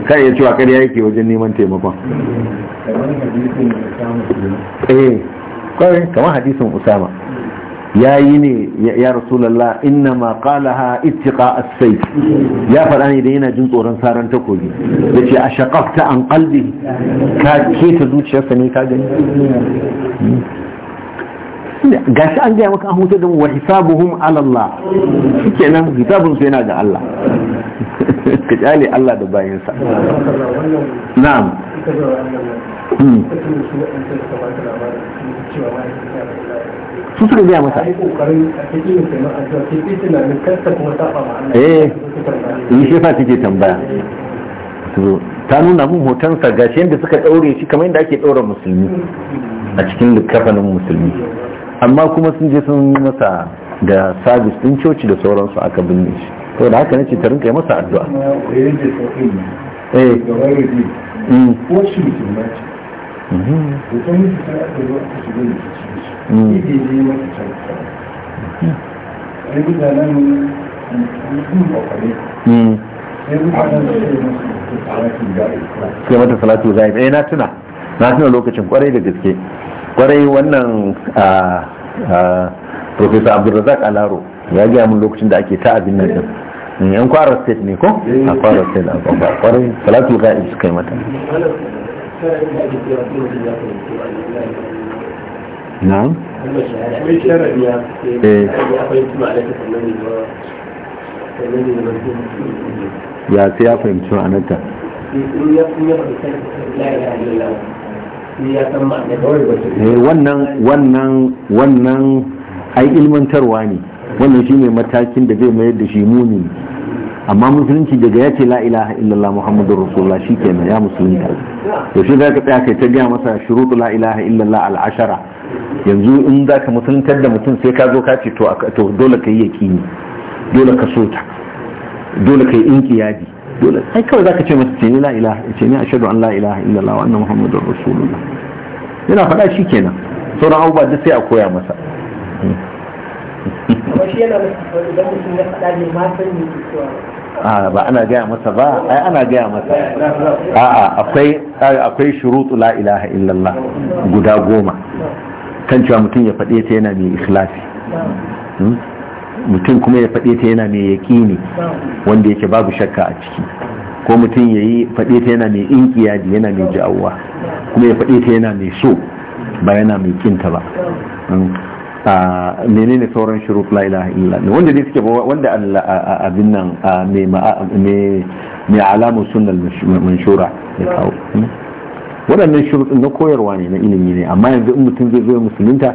[SPEAKER 1] kai ya cewa karya yake wajen neman taimakon eh kawai kamar hadisin usama yayi yi ne ya rasulullah inna ma qalaha ittiqa as-sayf ya faɗa ne da yana jin tsoron saran takobi yace a an qalbi ka keta zuciyarsa ne ka gani hmm. gashi an gaya maka an hutar da mu wa hisabuhum ala Allah kenan hisabun su yana da Allah <laughs> ka jale Allah da bayansa na'am
[SPEAKER 2] hmm. su suka gaya masa eh yi
[SPEAKER 1] shefa take tambaya ta nuna mun hotonsa gashi yadda suka ɗaure shi kamar yadda ake ɗaura musulmi a cikin likafanin musulmi amma kuma sun je sun masa da sabis din coci da sauransu aka binne shi to da haka nace ta rinka yi masa addu'a eh.
[SPEAKER 2] mm. Mm.
[SPEAKER 3] Mm.
[SPEAKER 1] sai mata salatu zai eh na tuna na tuna lokacin kwarai da gaske kwarai wannan professor abdulrazak alaro ya gaya mun lokacin da ake ta abin nan din mm, yan kwara state ne ko eh. a kwara state a kwarai salatul ga'ib isu kai mata na'am
[SPEAKER 2] eh.
[SPEAKER 1] ya sai ya fahimci ma'anarta
[SPEAKER 2] Eh, wannan
[SPEAKER 1] wannan wannan ai ilmantarwa ne wannan shine matakin da zai mayar da shi muni amma musulunci daga ya ce la ilaha illallah muhammadu rasulullah ke ya musulunta yaushe za ka tsaya kai ta gaya masa shuruɗu la ilaha illallah al'ashara yanzu in za ka musuluntar da mutum sai ka zo ka ce to dole ka yi yaƙini dole ka so dole ka yi inƙiyadi dole sai kawai zaka ce masa ce ni la ilaha ce ni ashhadu an la ilaha illallah wa anna muhammadur rasulullah yana faɗa shi kenan sauran abubuwa duk sai a koya masa ba ana gaya masa ba ai ana gaya masa a'a akwai akwai shurutu la ilaha illallah guda goma kan cewa mutum ya faɗe ta yana mai ikhlasi hmm? mutum kuma ya faɗe ta yana mai yaƙini wanda yake babu shakka a ciki ko mutum ya yi faɗe ta yana mai inkiyadi yana mai ja'awa kuma ya faɗe ta yana mai so ba yana mai kinta ba mm. menene sauran shiru la ilaha ne wanda ne suke wanda abin nan mai alamun sunan manshura ya kawo mm. waɗannan shiru na koyarwa ne na ilimi ne amma yanzu in mutum zai zo musulunta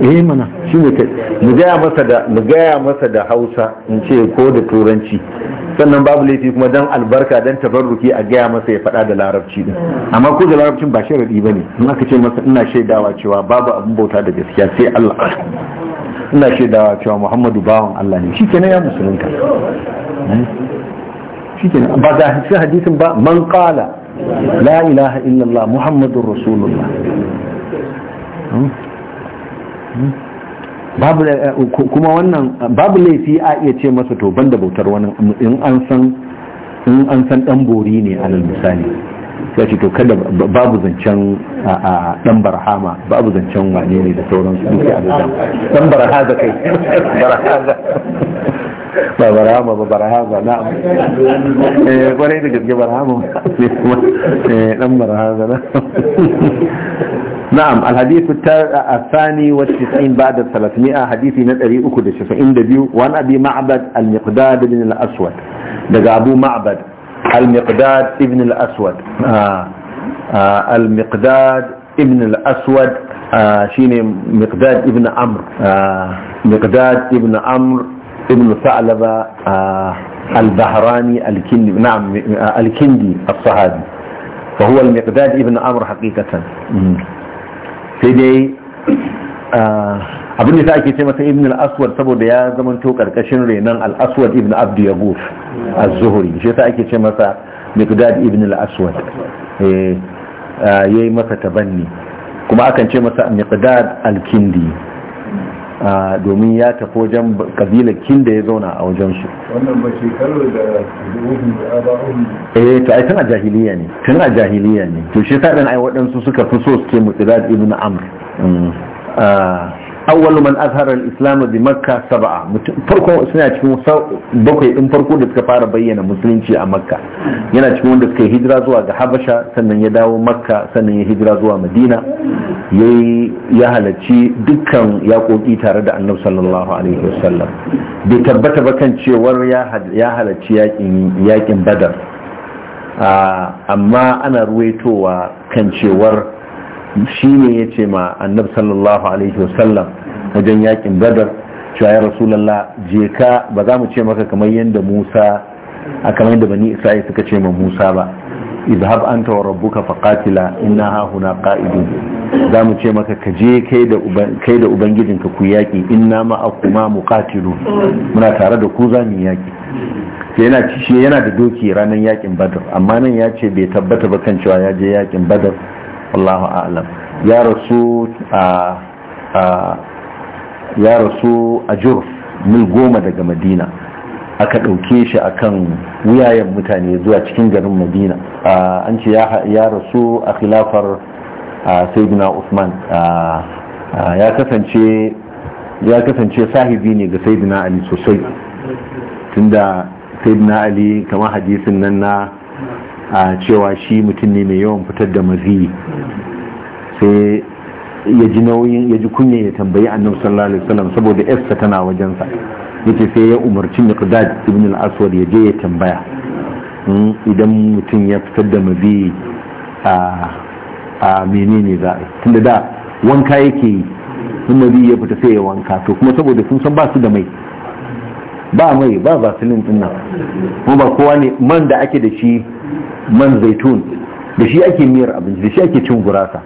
[SPEAKER 1] eh mana shi ne kai mu gaya masa da mu gaya masa da hausa in ce ko da turanci sannan babu laifi kuma dan albarka dan tabarruki a gaya masa ya faɗa da larabci din amma ko da larabcin ba shi ba ne in aka ce masa ina shaidawa cewa babu abin bauta da gaskiya sai Allah ina shaidawa cewa Muhammadu bawan Allah ne shi kenan ya musulunta
[SPEAKER 3] hmm?
[SPEAKER 1] shi kenan ba da hadisin ba man qala la ilaha illallah muhammadur rasulullah hmm? Hmm? Eh, eh, kuma wannan babu laifi a iya ce masa to banda bautar wani in an san in an san dan bori ne alal misali ya ce to kada babu zancen dan barhama babu zancen wane ne da sauran su duka abudan dan barhaza kai barhaza ba barhama ba barhaza na'am eh kwarai da gaske barhama <laughs> eh dan barhaza na نعم الحديث الثاني والتسعين بعد الثلاثمائة حديث نتأري أكدش فإن دبيو وان أبي معبد المقداد بن الأسود دقى أبو معبد المقداد ابن الأسود آه آه المقداد ابن الأسود آه شيني مقداد ابن عمر آه، مقداد ابن أمر ابن ثعلبة آه، البهراني الكندي نعم آه، الكندي الصحابي فهو المقداد ابن أمر حقيقة sai dai ah, abin da ta ake ce masa ibn al-aswad saboda ya to karkashin renon al-aswad ibn abdu yaguf az-zuhri shi ta ake ce masa miqdad ibn al-aswad eh ah, yayi masa tabanni kuma akan ce masa miqdad al-kindi domin ya tafi wajen kabilar kin da ya zauna a wajen su
[SPEAKER 2] wannan ba shekaru da ruhun da abahun
[SPEAKER 1] eh to ai tana jahiliya ne tana jahiliya ne to shi sa dan ai waɗansu suka fi so su ke mutsirat ibn amr mm. ah. awwalu man azhara al-islam bi makkah sab'a farko suna cikin bakwai din farko da suka fara bayyana musulunci a makka yana cikin wanda suka hijira zuwa ga habasha sannan ya dawo makka sannan ya hijira zuwa madina yayi ya halarci dukkan yakoki tare da annabi sallallahu alaihi wasallam bai tabbata ba kan cewar ya halarci yakin badar ah, amma ana ruwaitowa kan cewar shi ne ya ce ma annab sallallahu alaihi wasallam wajen yakin badar cewa ya rasulallah je ka ba za mu ce maka kamar yadda musa a kamar yadda bani isra'i suka ce ma musa ba izhab anta wa rabbuka faqatila inna ha huna qa'idun za mu ce maka ka je kai da kai da ubangijinka ku yaki inna mu muqatilun muna tare da ku za mu yaki yana yana da doki ranar yakin badar amma nan ya ce bai tabbata ba kan cewa ya je yakin badar allahu a'lam ya rasu a ya rasu a mil goma daga madina aka ɗauke shi akan wuyayen mutane zuwa cikin garin madina an ce ya rasu a khilafar sayyidina usman ya kasance ya kasance sahibi ne ga sayyidina ali sosai tunda sayyidina ali kamar hadisin nan na a cewa shi mutum ne mai yawan fitar da mazi sai ya ji nauyin ya ji kunya ya tambayi annabi sallallahu alaihi wasallam saboda yasta tana wajensa yace sai ya umarci miqdad ibn al-aswad ya je ya tambaya hmm, idan mutum ya fitar da mazi a a menene za a tunda da wanka yake yi in maziyi ya fita sai ya wanka to kuma saboda sun san ba su da mai ba mai ba vaseline din nan kuma ba kowa ne man da ake da shi man zaitun da shi ake miyar abinci da shi ake cin gurasa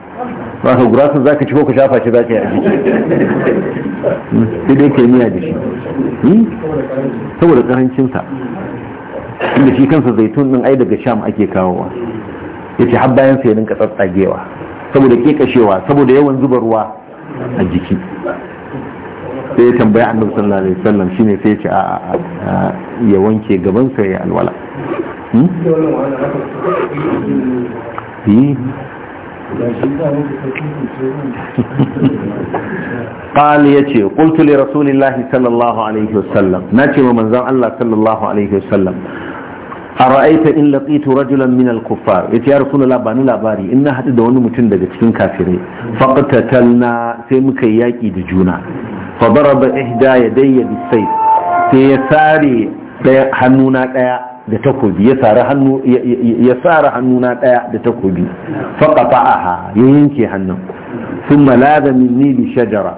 [SPEAKER 1] ba ka gurasa za ka ci ko ka shafa shi za ka yi a jiki sai ka yi miya da shi hmm? saboda karancinsa inda shi kansa zaitun din ai daga sham ake kawowa ya ce har bayan sai rinka tsatsagewa saboda kekashewa saboda yawan zuba ruwa a jiki sai ya tambaya annabi sallallahu alaihi wasallam shine sai ya ce a ya wanke gaban sa ya alwala
[SPEAKER 3] قال يتي قلت
[SPEAKER 1] لرسول الله صلى الله عليه وسلم ناتي ومن زم الله صلى الله عليه وسلم أرأيت إن لقيت رجلا من الكفار يتي يا رسول الله باني لاباري إن حتى دون متن دقى تكين كافرين فقتتلنا سيمك ياكي دجونا فضرب إحدى يدي بالسيف سيساري حنونا كيا da takobi ya sara hannu ya sara hannu na daya da takobi fa qata'aha ya yanke hannun thumma laza minni bi shajara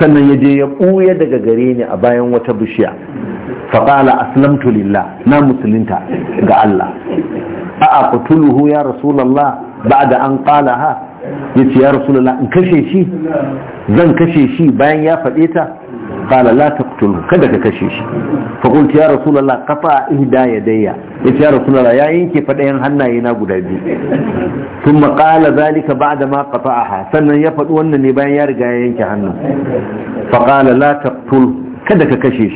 [SPEAKER 1] sannan yaje ya buya daga gare ni a bayan wata bishiya fa qala aslamtu lillah na musulunta ga Allah a aqtuluhu ya rasulullah ba'da an qalaha yace ya rasulullah in kashe shi zan kashe shi bayan ya faɗe ta قال لا تقتله كذا كشيش فقلت يا رسول الله قطع إهدا يدي قلت يا رسول الله يا إنك فتأين هنا ينابو دادي ثم قال ذلك بعد ما قطعها سنة يفت وأن نبان يرجع إنك هنا فقال لا تقتله كذا كشيش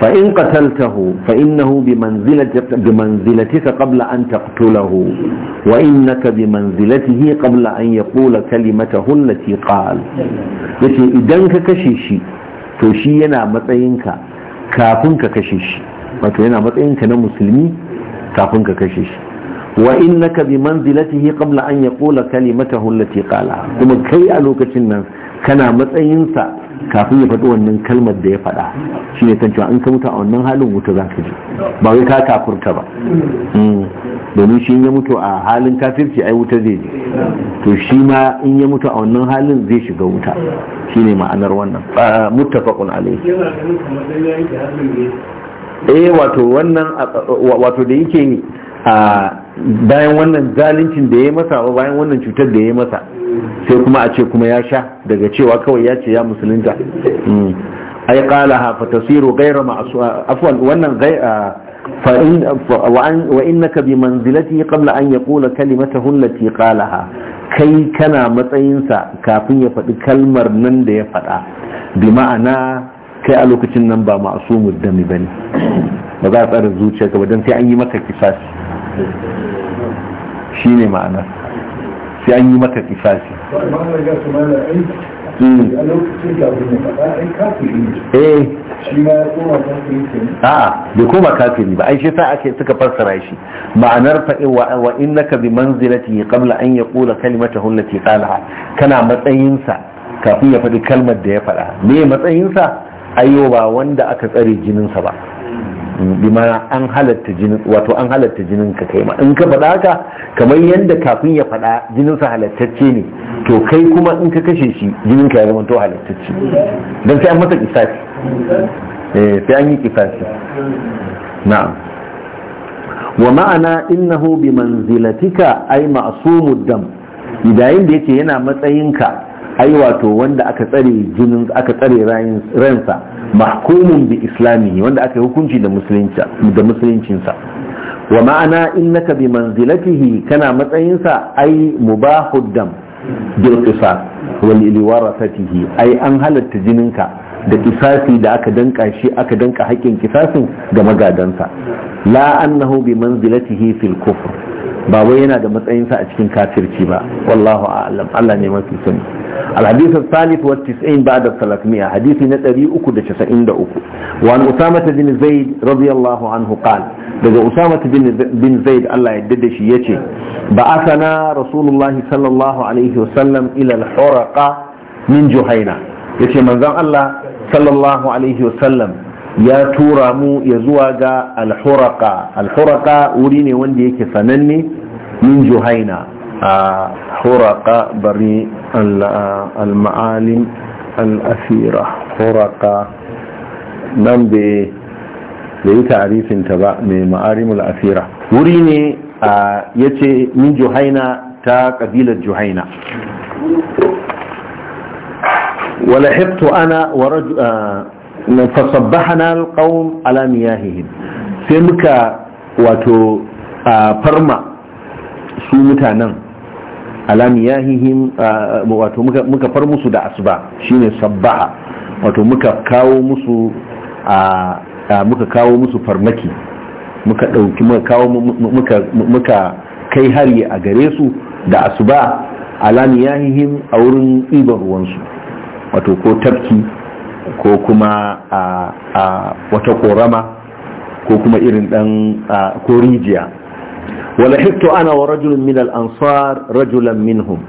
[SPEAKER 1] فإن قتلته فإنه بمنزلة بمنزلتك قبل أن تقتله وإنك بمنزلته قبل أن يقول كلمته التي قال إذا كشيشي to shi yana matsayinka kafin ka kashe shi wato yana matsayinka na musulmi kafin ka kashe shi wa innaka bi manzilatihi qabla an yaqula kalimatahu allati qala kuma kai a lokacin nan kana matsayinsa kafin ya faɗi wannan kalmar da ya faɗa shi ne cewa in ka mutu a wannan halin wuta za ka ji ba wai ka kafurta ba hmm. domin shi ya mutu a halin kafirci ai wuta zai ji. to shi ma in ya mutu a wannan halin zai shiga wuta shi ne ma'anar wannan mutafakun alayhi eh wato wannan wato da yake a bayan wannan zalincin da ya masa ba bayan wannan cutar da ya masa sai kuma a ce kuma ya sha daga cewa kawai ya ce ya musulunta hmm. ai qala fa tasiru gaira masu afuwan wannan gai a wa ka bi manzilati qabla an ya kula kalimatahu allati qalaha kai kana matsayinsa kafin ya faɗi kalmar nan da ya faɗa bi ma'ana kai a lokacin nan ba ma'asumud dami bane ba za a tsara zuciya ba don sai an yi maka kisasi shi ne ma'ana sai an yi maka kisasi eh a bai koma kafiri ba ai shi sa ake suka fassara shi ma'anar fa'i wa innaka bi manzilati qabla an yaqula kalimatahu allati qalaha kana matsayinsa kafin ya faɗi kalmar da ya faɗa me matsayinsa ba wanda aka tsare jininsa ba bimana an halatta jinin wato an halatta jinin ka kai ma in ka faɗa haka kamar yadda kafin ya faɗa jininsa sa halattacce ne to kai kuma in ka kashe shi jinin ka ya zama to halattacce dan sai an masa kisasi eh sai an yi kisasi na'am wa ma'ana innahu bi manzilatika ay ma'sumud dam idan da yake yana matsayinka ai wato wanda aka tsare jinin aka tsare ransa mahkumun bi islami wanda aka yi hukunci da musuluncinsa wa ma'ana innaka bi manzilatihi kana matsayinsa ai mubahud dam bil qisas wal liwarathatihi ai an halatta jininka da kisasi da aka danka shi aka danka hakkin kisasin ga magadansa la annahu bi manzilatihi fil kufr ba wai yana da sa a cikin kafirci ba wallahu a'lam Allah ne mafi sani الحديث الثالث والتسعين بعد الثلاثمائة حديث نتري أكد تسعين دأكو وعن أسامة بن زيد رضي الله عنه قال لذا أسامة بن زيد الله يددش يتي بعثنا رسول الله صلى الله عليه وسلم إلى الحرقة من جهينة يتي من ذا الله صلى الله عليه وسلم ya tura mu ya zuwa ga alhuraka alhuraka wuri ne wanda yake sananne min juhaina a huraka bari al-ma'alim asira huraka nan bai yi tarifinta ba mai ma'arimul asira wuri ne ya ce min juhaina ta kabilar juhaina wala ana wa fasabbahana alqawm ala miyahihim sai muka wato farma su mutanen ala miyahihim wato muka far musu da asuba shine sabbaha wato muka kawo musu muka kawo musu farmaki muka dauki muka kawo muka kai hari a gare su da asuba ala miyahihim a wurin ɗiban ruwansu wato ko tafki ko kuma a wata korama ko kuma irin dan ko rijiya wala hittu ana wa rajulun min al-ansar rajulan minhum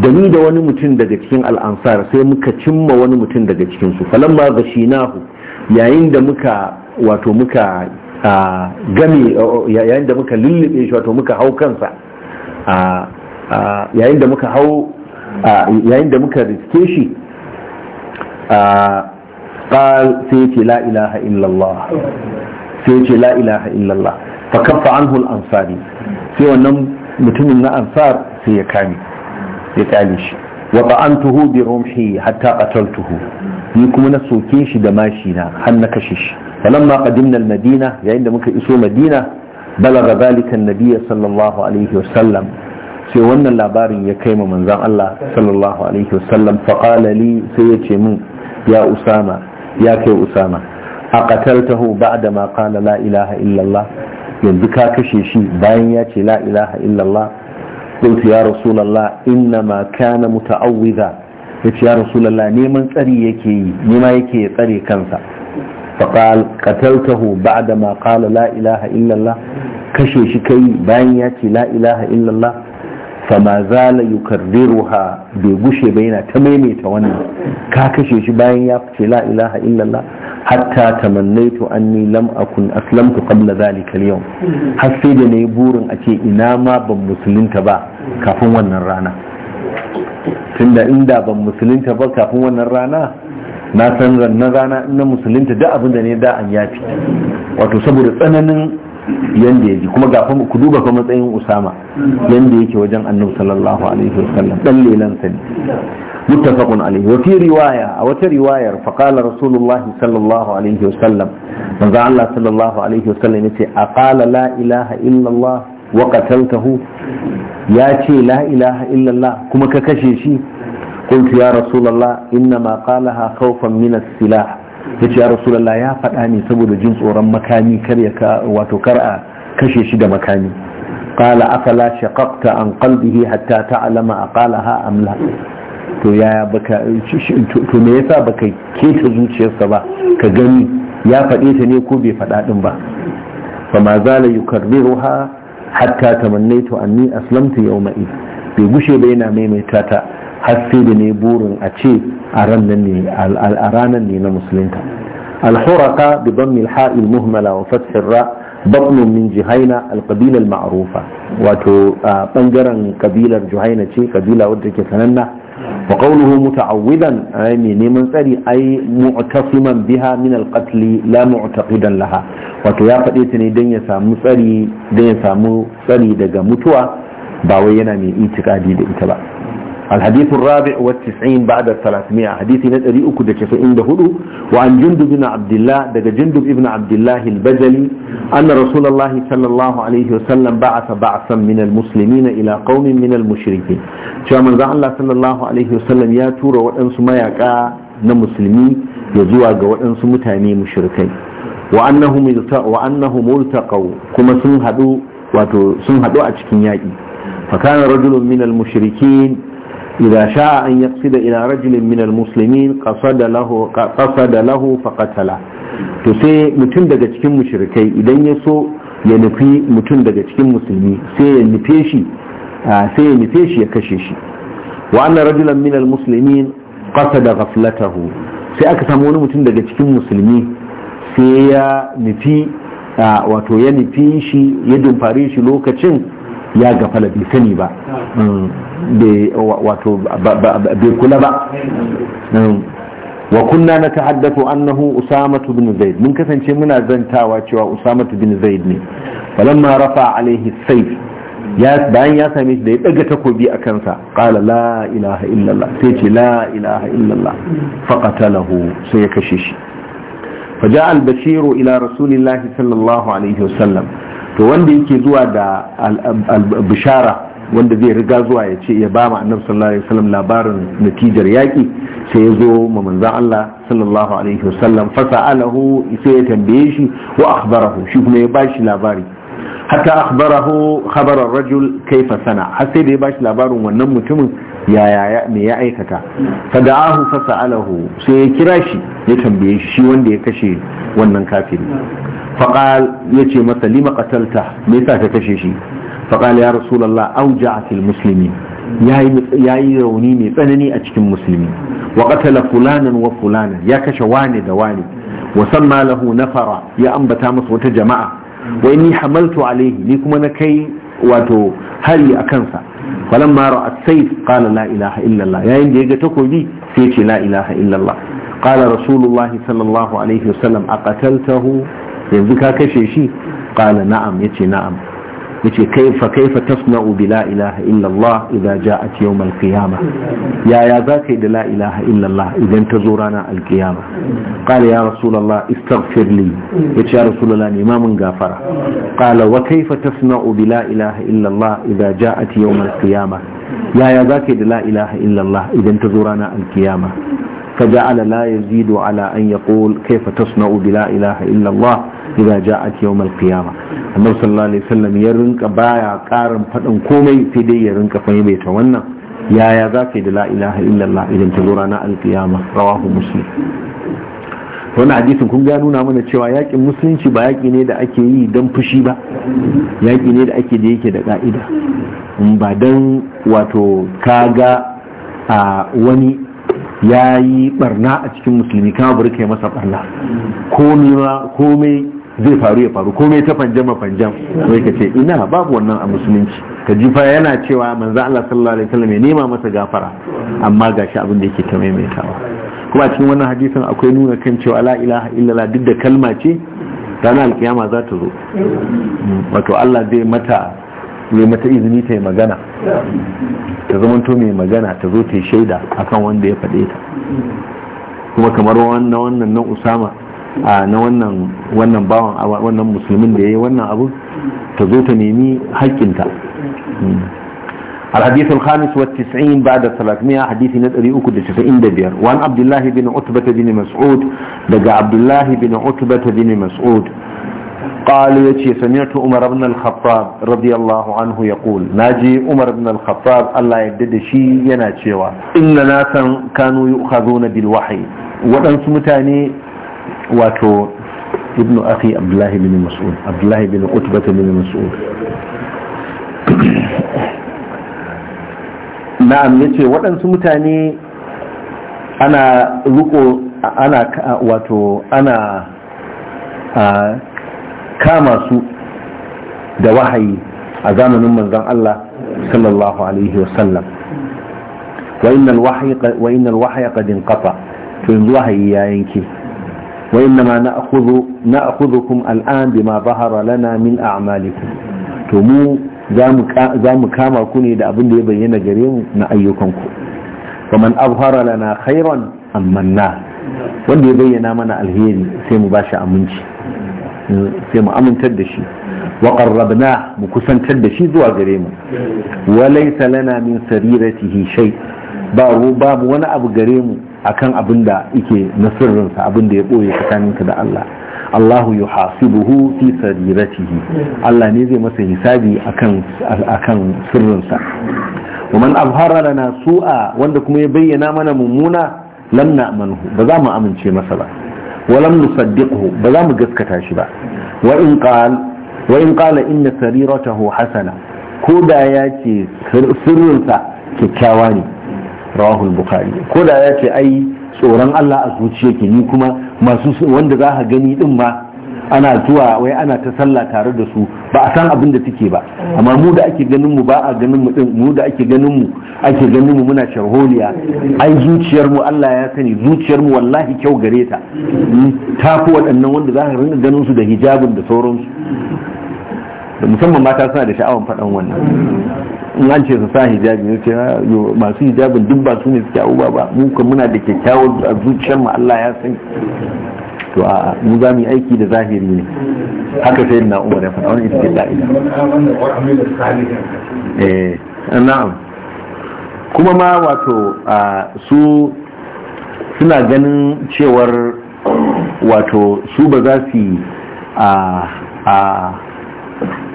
[SPEAKER 1] da ni da wani mutum daga cikin al-ansar sai muka cimma wani mutum daga cikinsu falamma gashinahu yayin da muka wato muka game yayin da muka lullube shi wato muka hau kansa yayin da muka hau yayin da muka riske shi قال سيتي لا إله إلا الله سيتي لا إله إلا الله فكف عنه الأنصاري سوى النم متن الأنصار سيكاني يتعليش وطعنته برمحي حتى قتلته يكم نسوكيش دماشينا حنكشش فلما قدمنا المدينة يعني ممكن يسوى مدينة بلغ ذلك النبي صلى الله عليه وسلم sai wannan labarin ya kai ma manzan Allah sallallahu alaihi wasallam faƙala li sai ya ce mun ya usama ya kai usama a qataltahu ba'da ma qala la ilaha illallah yanzu ka kashe shi bayan ya ce la ilaha illallah qultu ya rasulullah inna ma kana muta'awwiza yace ya rasulullah neman tsari yake yi nema yake ya tsare kansa faqal qataltahu ba'da ma qala la ilaha illallah kashe shi kai bayan ya ce la ilaha illallah fama zala yukarriruha bai gushe ba yana ta maimaita wannan ka kashe shi bayan ya fice la ilaha illallah hatta tamannaitu anni lam akun aslamtu qabla zalika al-yawm har sai da nayi burin a ce ina ma ban musulunta ba kafin wannan rana tunda inda ban musulunta ba kafin wannan rana na san rannan rana na musulunta duk abin ne da an yafi wato saboda tsananin yanda yake kuma ga ku duba fa matsayin usama yanda yake wajen annabi sallallahu alaihi wasallam dan lelan sa ne muttafaqun alaihi wa fi riwaya a wata riwayar fa qala rasulullah sallallahu alaihi wasallam manzo Allah sallallahu alaihi wasallam yace a qala la ilaha illa Allah wa qataltahu ya ce la ilaha illa Allah kuma ka kashe shi قلت يا رسول الله إنما قالها خوفا من السلاح ya ce ya rasulallah ya faɗa ne saboda jin tsoron makami kar ya wato kar a kashe shi da makami qala afala shaqaqta an qalbihi hatta ta'lama aqalaha am la to ya baka to me yasa baka keta zuciyarsa ba ka gani ya faɗe ta ne ko bai faɗa ɗin ba fa ma zala yukarriruha hatta tamannaitu anni aslamtu yawma id bai gushe ba yana maimaita ta har sai da ne burin a ce a ranar ne na musulunta alhuraka bi ban milha'il muhmala wa fathin ra babnun min jihaina alkabilar ma'arufa wato ɓangaren ƙabilar juhaina ce ƙabila wadda ke sananna wa qawluhu muta'awwidan ay mai neman tsari ay mu'tasiman biha min al la mu'taqidan laha wato ya faɗe ta ne dan ya samu tsari ya samu tsari daga mutuwa ba wai yana mai itikadi da ita ba الحديث الرابع والتسعين بعد الثلاثمائة حديث نتري أكد كفئين دهدو وعن جندب بن عبد الله دق جندب ابن عبد الله البجلي أن رسول الله صلى الله عليه وسلم بعث بعثا من المسلمين إلى قوم من المشركين شامن زعل الله صلى الله عليه وسلم يا تورا وأنس ما يكا نمسلمي يزوى وأنس متاني مشركين وأنهم وأنهم التقوا كما سنهدوا wato sun haɗu a cikin yaƙi فكان رجل من المشركين إذا شاء أن يقصد إلى رجل من المسلمين قصد له قصد له فقتله to sai mutum daga cikin mushrikai idan ya so ya nufi mutum daga cikin musulmi sai ya nufe shi sai ya nufe shi ya kashe shi wa anna rajulan min almuslimin qasada ghaflatahu sai aka samu wani mutum daga cikin musulmi sai ya nufi wato ya nufi shi ya dumfare shi lokacin ya gafala bai sani ba mm, wato bai kula ba mm. wa kunna na haddafa annahu usamatu bin zaid mun kasance muna zantawa cewa usamatu bin zaid ne falamma rafa alaihi sai ya bayan ya same shi da ya ɗaga takobi a kansa Ƙala la ilaha illallah sai ce la ilaha illallah faqatalahu sai ya kashe shi Fa البشير إلى رسول الله صلى الله عليه وسلم to wanda yake zuwa da bishara wanda zai riga zuwa ya ce ya ba ma annabi sallallahu alaihi wasallam labarin natijar yaki sai ya zo ma manzon Allah sallallahu alaihi wasallam fasa'alahu sai ya tambaye shi wa akhbarahu shi kuma ya ba shi labari hatta akhbarahu khabar ar-rajul kayfa sana har sai da ya bashi labarin wannan mutumin yaya me ya aikata fada'ahu fa Alahu sai ya kira shi ya tambaye shi wanda ya kashe wannan kafiri faqal yace masa lima ta me yasa ka kashe shi faqal ya rasulullah awja'at musulmi muslimin yayi rauni mai tsanani a cikin musulmi wa qatala fulanan wa ya kashe wane da wane Wasan samma na fara ya ambata masa wata jama'a
[SPEAKER 3] wa ni hamaltu
[SPEAKER 1] alaihi ni kuma na kai wato hari a kansa falan ma ra'a sayf qala la ilaha illallah yayin da ya ga takobi sai ya ce la ilaha illallah qala rasulullah sallallahu alaihi wasallam aqataltahu yanzu ka kashe shi qala na'am yace na'am yace kaifa kaifa tasna'u bi la ilaha illa Allah idza ja'at yawm al-qiyamah ya ya zaka yi da la ilaha illa Allah idan ta zo ranar al-qiyama qala ya rasulullah istaghfir li yace ya rasulullah ne mamun gafara qala wa kaifa tasna'u bi la ilaha illa Allah idza ja'at yawm al-qiyamah ya ya zaka yi da la ilaha illa Allah idan ta zo ranar al-qiyama فجعل لا يزيد على أن يقول كيف تصنع بلا إله إلا الله إذا جاءت يوم القيامة النبي صلى الله عليه وسلم يرنك بايا قارن فتن كومي في دي يرنك فيبيت ونن يا يا ذاك لا إله إلا الله إذا انتظرنا القيامة رواه مسلم wani hadisin kun gano na mana cewa yakin musulunci ba yaki ne da ake yi don fushi ba yaki ne da ake da yake da ka'ida ba don wato kaga a wani ya yi barna a cikin musulmi kama bari kai masa barna komai zai faru ya faru komai ta fanjama fanjam sai ka ce ina babu wannan a musulunci ka ji fa yana cewa manzo Allah sallallahu alaihi wasallam ya nema masa gafara amma gashi abin da yake ta maimaitawa kuma cikin wannan hadisin akwai nuna kan cewa la ilaha illallah duk da kalma ce ranar alkiyama za ta zo wato Allah zai mata ya ta izini ta yi magana ta zamanto mai magana ta zo ta yi shaida akan wanda ya faɗe ta kuma kamar wannan wannan na usama a na wannan wannan bawan wannan musulmin da ya yi wannan abu ta zo ta nemi haƙƙinta الحديث الخامس والتسعين بعد ثلاثمائة حديث نتري أكد تسعين دبير وعن عبد الله بن عتبة بن مسعود لقى عبد الله بن عتبة بن مسعود قالوا يتي سمعت عمر بن الخطاب رضي الله عنه يقول ناجي عمر بن الخطاب الله يدد شي ينا cewa inna nasan kanu yu'khaduna bil wahyi wadansu mutane wato ibnu akhi abdullah bin mas'ud abdullah bin utbah bin mas'ud na'am yace wadansu mutane ana ruko wato ana kama su da wahayi a zamanin manzon Allah sallallahu alaihi wasallam wa innal wahyi wa qad inqata to yanzu wahayi ya yanke wa inna ma na'khudhu na'khudhukum al'an bima zahara lana min a'malikum to mu za mu kama ku ne da abin da ya bayyana gare mu na ayyukanku faman abhara lana khairan ammanna wanda ya bayyana mana alheri sai mu bashi aminci sai mu amintar da shi wa qarrabna mu kusantar da shi zuwa gare mu wa laysa lana min sariratihi shay ba babu wani abu gare mu akan abin da yake na sirrinsa abin da ya boye tsakaninka da Allah Allahu yuhasibuhu fi sariratihi Allah ne zai masa hisabi akan akan sirrinsa wa man azhara lana su'a wanda kuma ya bayyana mana mummuna lam manhu ba za mu amince masa ba walam nusaddiqhu ba za mu gaskata shi ba wa in qal in qala inna sariratahu Hassana, ko da ya ce sirrinsa kyakkyawa ne rawahul bukhari ko da ya ce ai tsoron Allah a zuciya ni kuma masu wanda za ka gani din ma ana zuwa wai ana ta sallah tare da su ba a san abin da suke ba amma mu da ake ganin mu ba a ganin mu din mu da ake ganin mu ake ganin mu muna sharholiya ai zuciyar mu Allah ya sani zuciyar mu wallahi kyau gare ta ta fi waɗannan wanda za ka rinka ganin su da hijabin da sauransu da musamman mata suna da sha'awan faɗan wannan in an ce su sa hijabi ne ce masu hijabin duk ba su ne suke abubuwa ba mu muna da kyakkyawar zuciyar mu Allah ya sani to a mu za mu yi aiki da zahiri ne haka sai na umar ya faɗa wani ita ke ka'ida eh na'am kuma ma wato su suna ganin cewar wato su ba za su a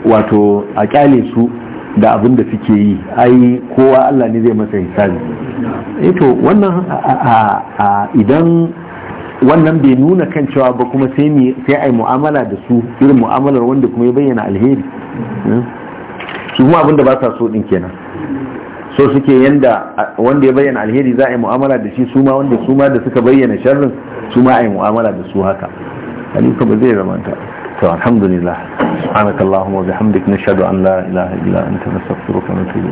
[SPEAKER 1] wato a kyale su da abin da suke yi ai kowa Allah ne zai masa hisabi eto eh wannan a idan wannan bai nuna kan cewa ba kuma sai ne sai ai mu'amala da su irin mu'amalar wanda kuma ya bayyana alheri hmm? su kuma abinda ba sa so din kenan so suke yanda wanda ya bayyana alheri za a yi mu'amala da shi su ma wanda su ma da suka bayyana sharrin su ma a yi mu'amala da su haka halifa ba zai ta to alhamdulillah subhanakallahumma wa bihamdika nashhadu an la ilaha illa anta
[SPEAKER 3] nastaghfiruka wa natubu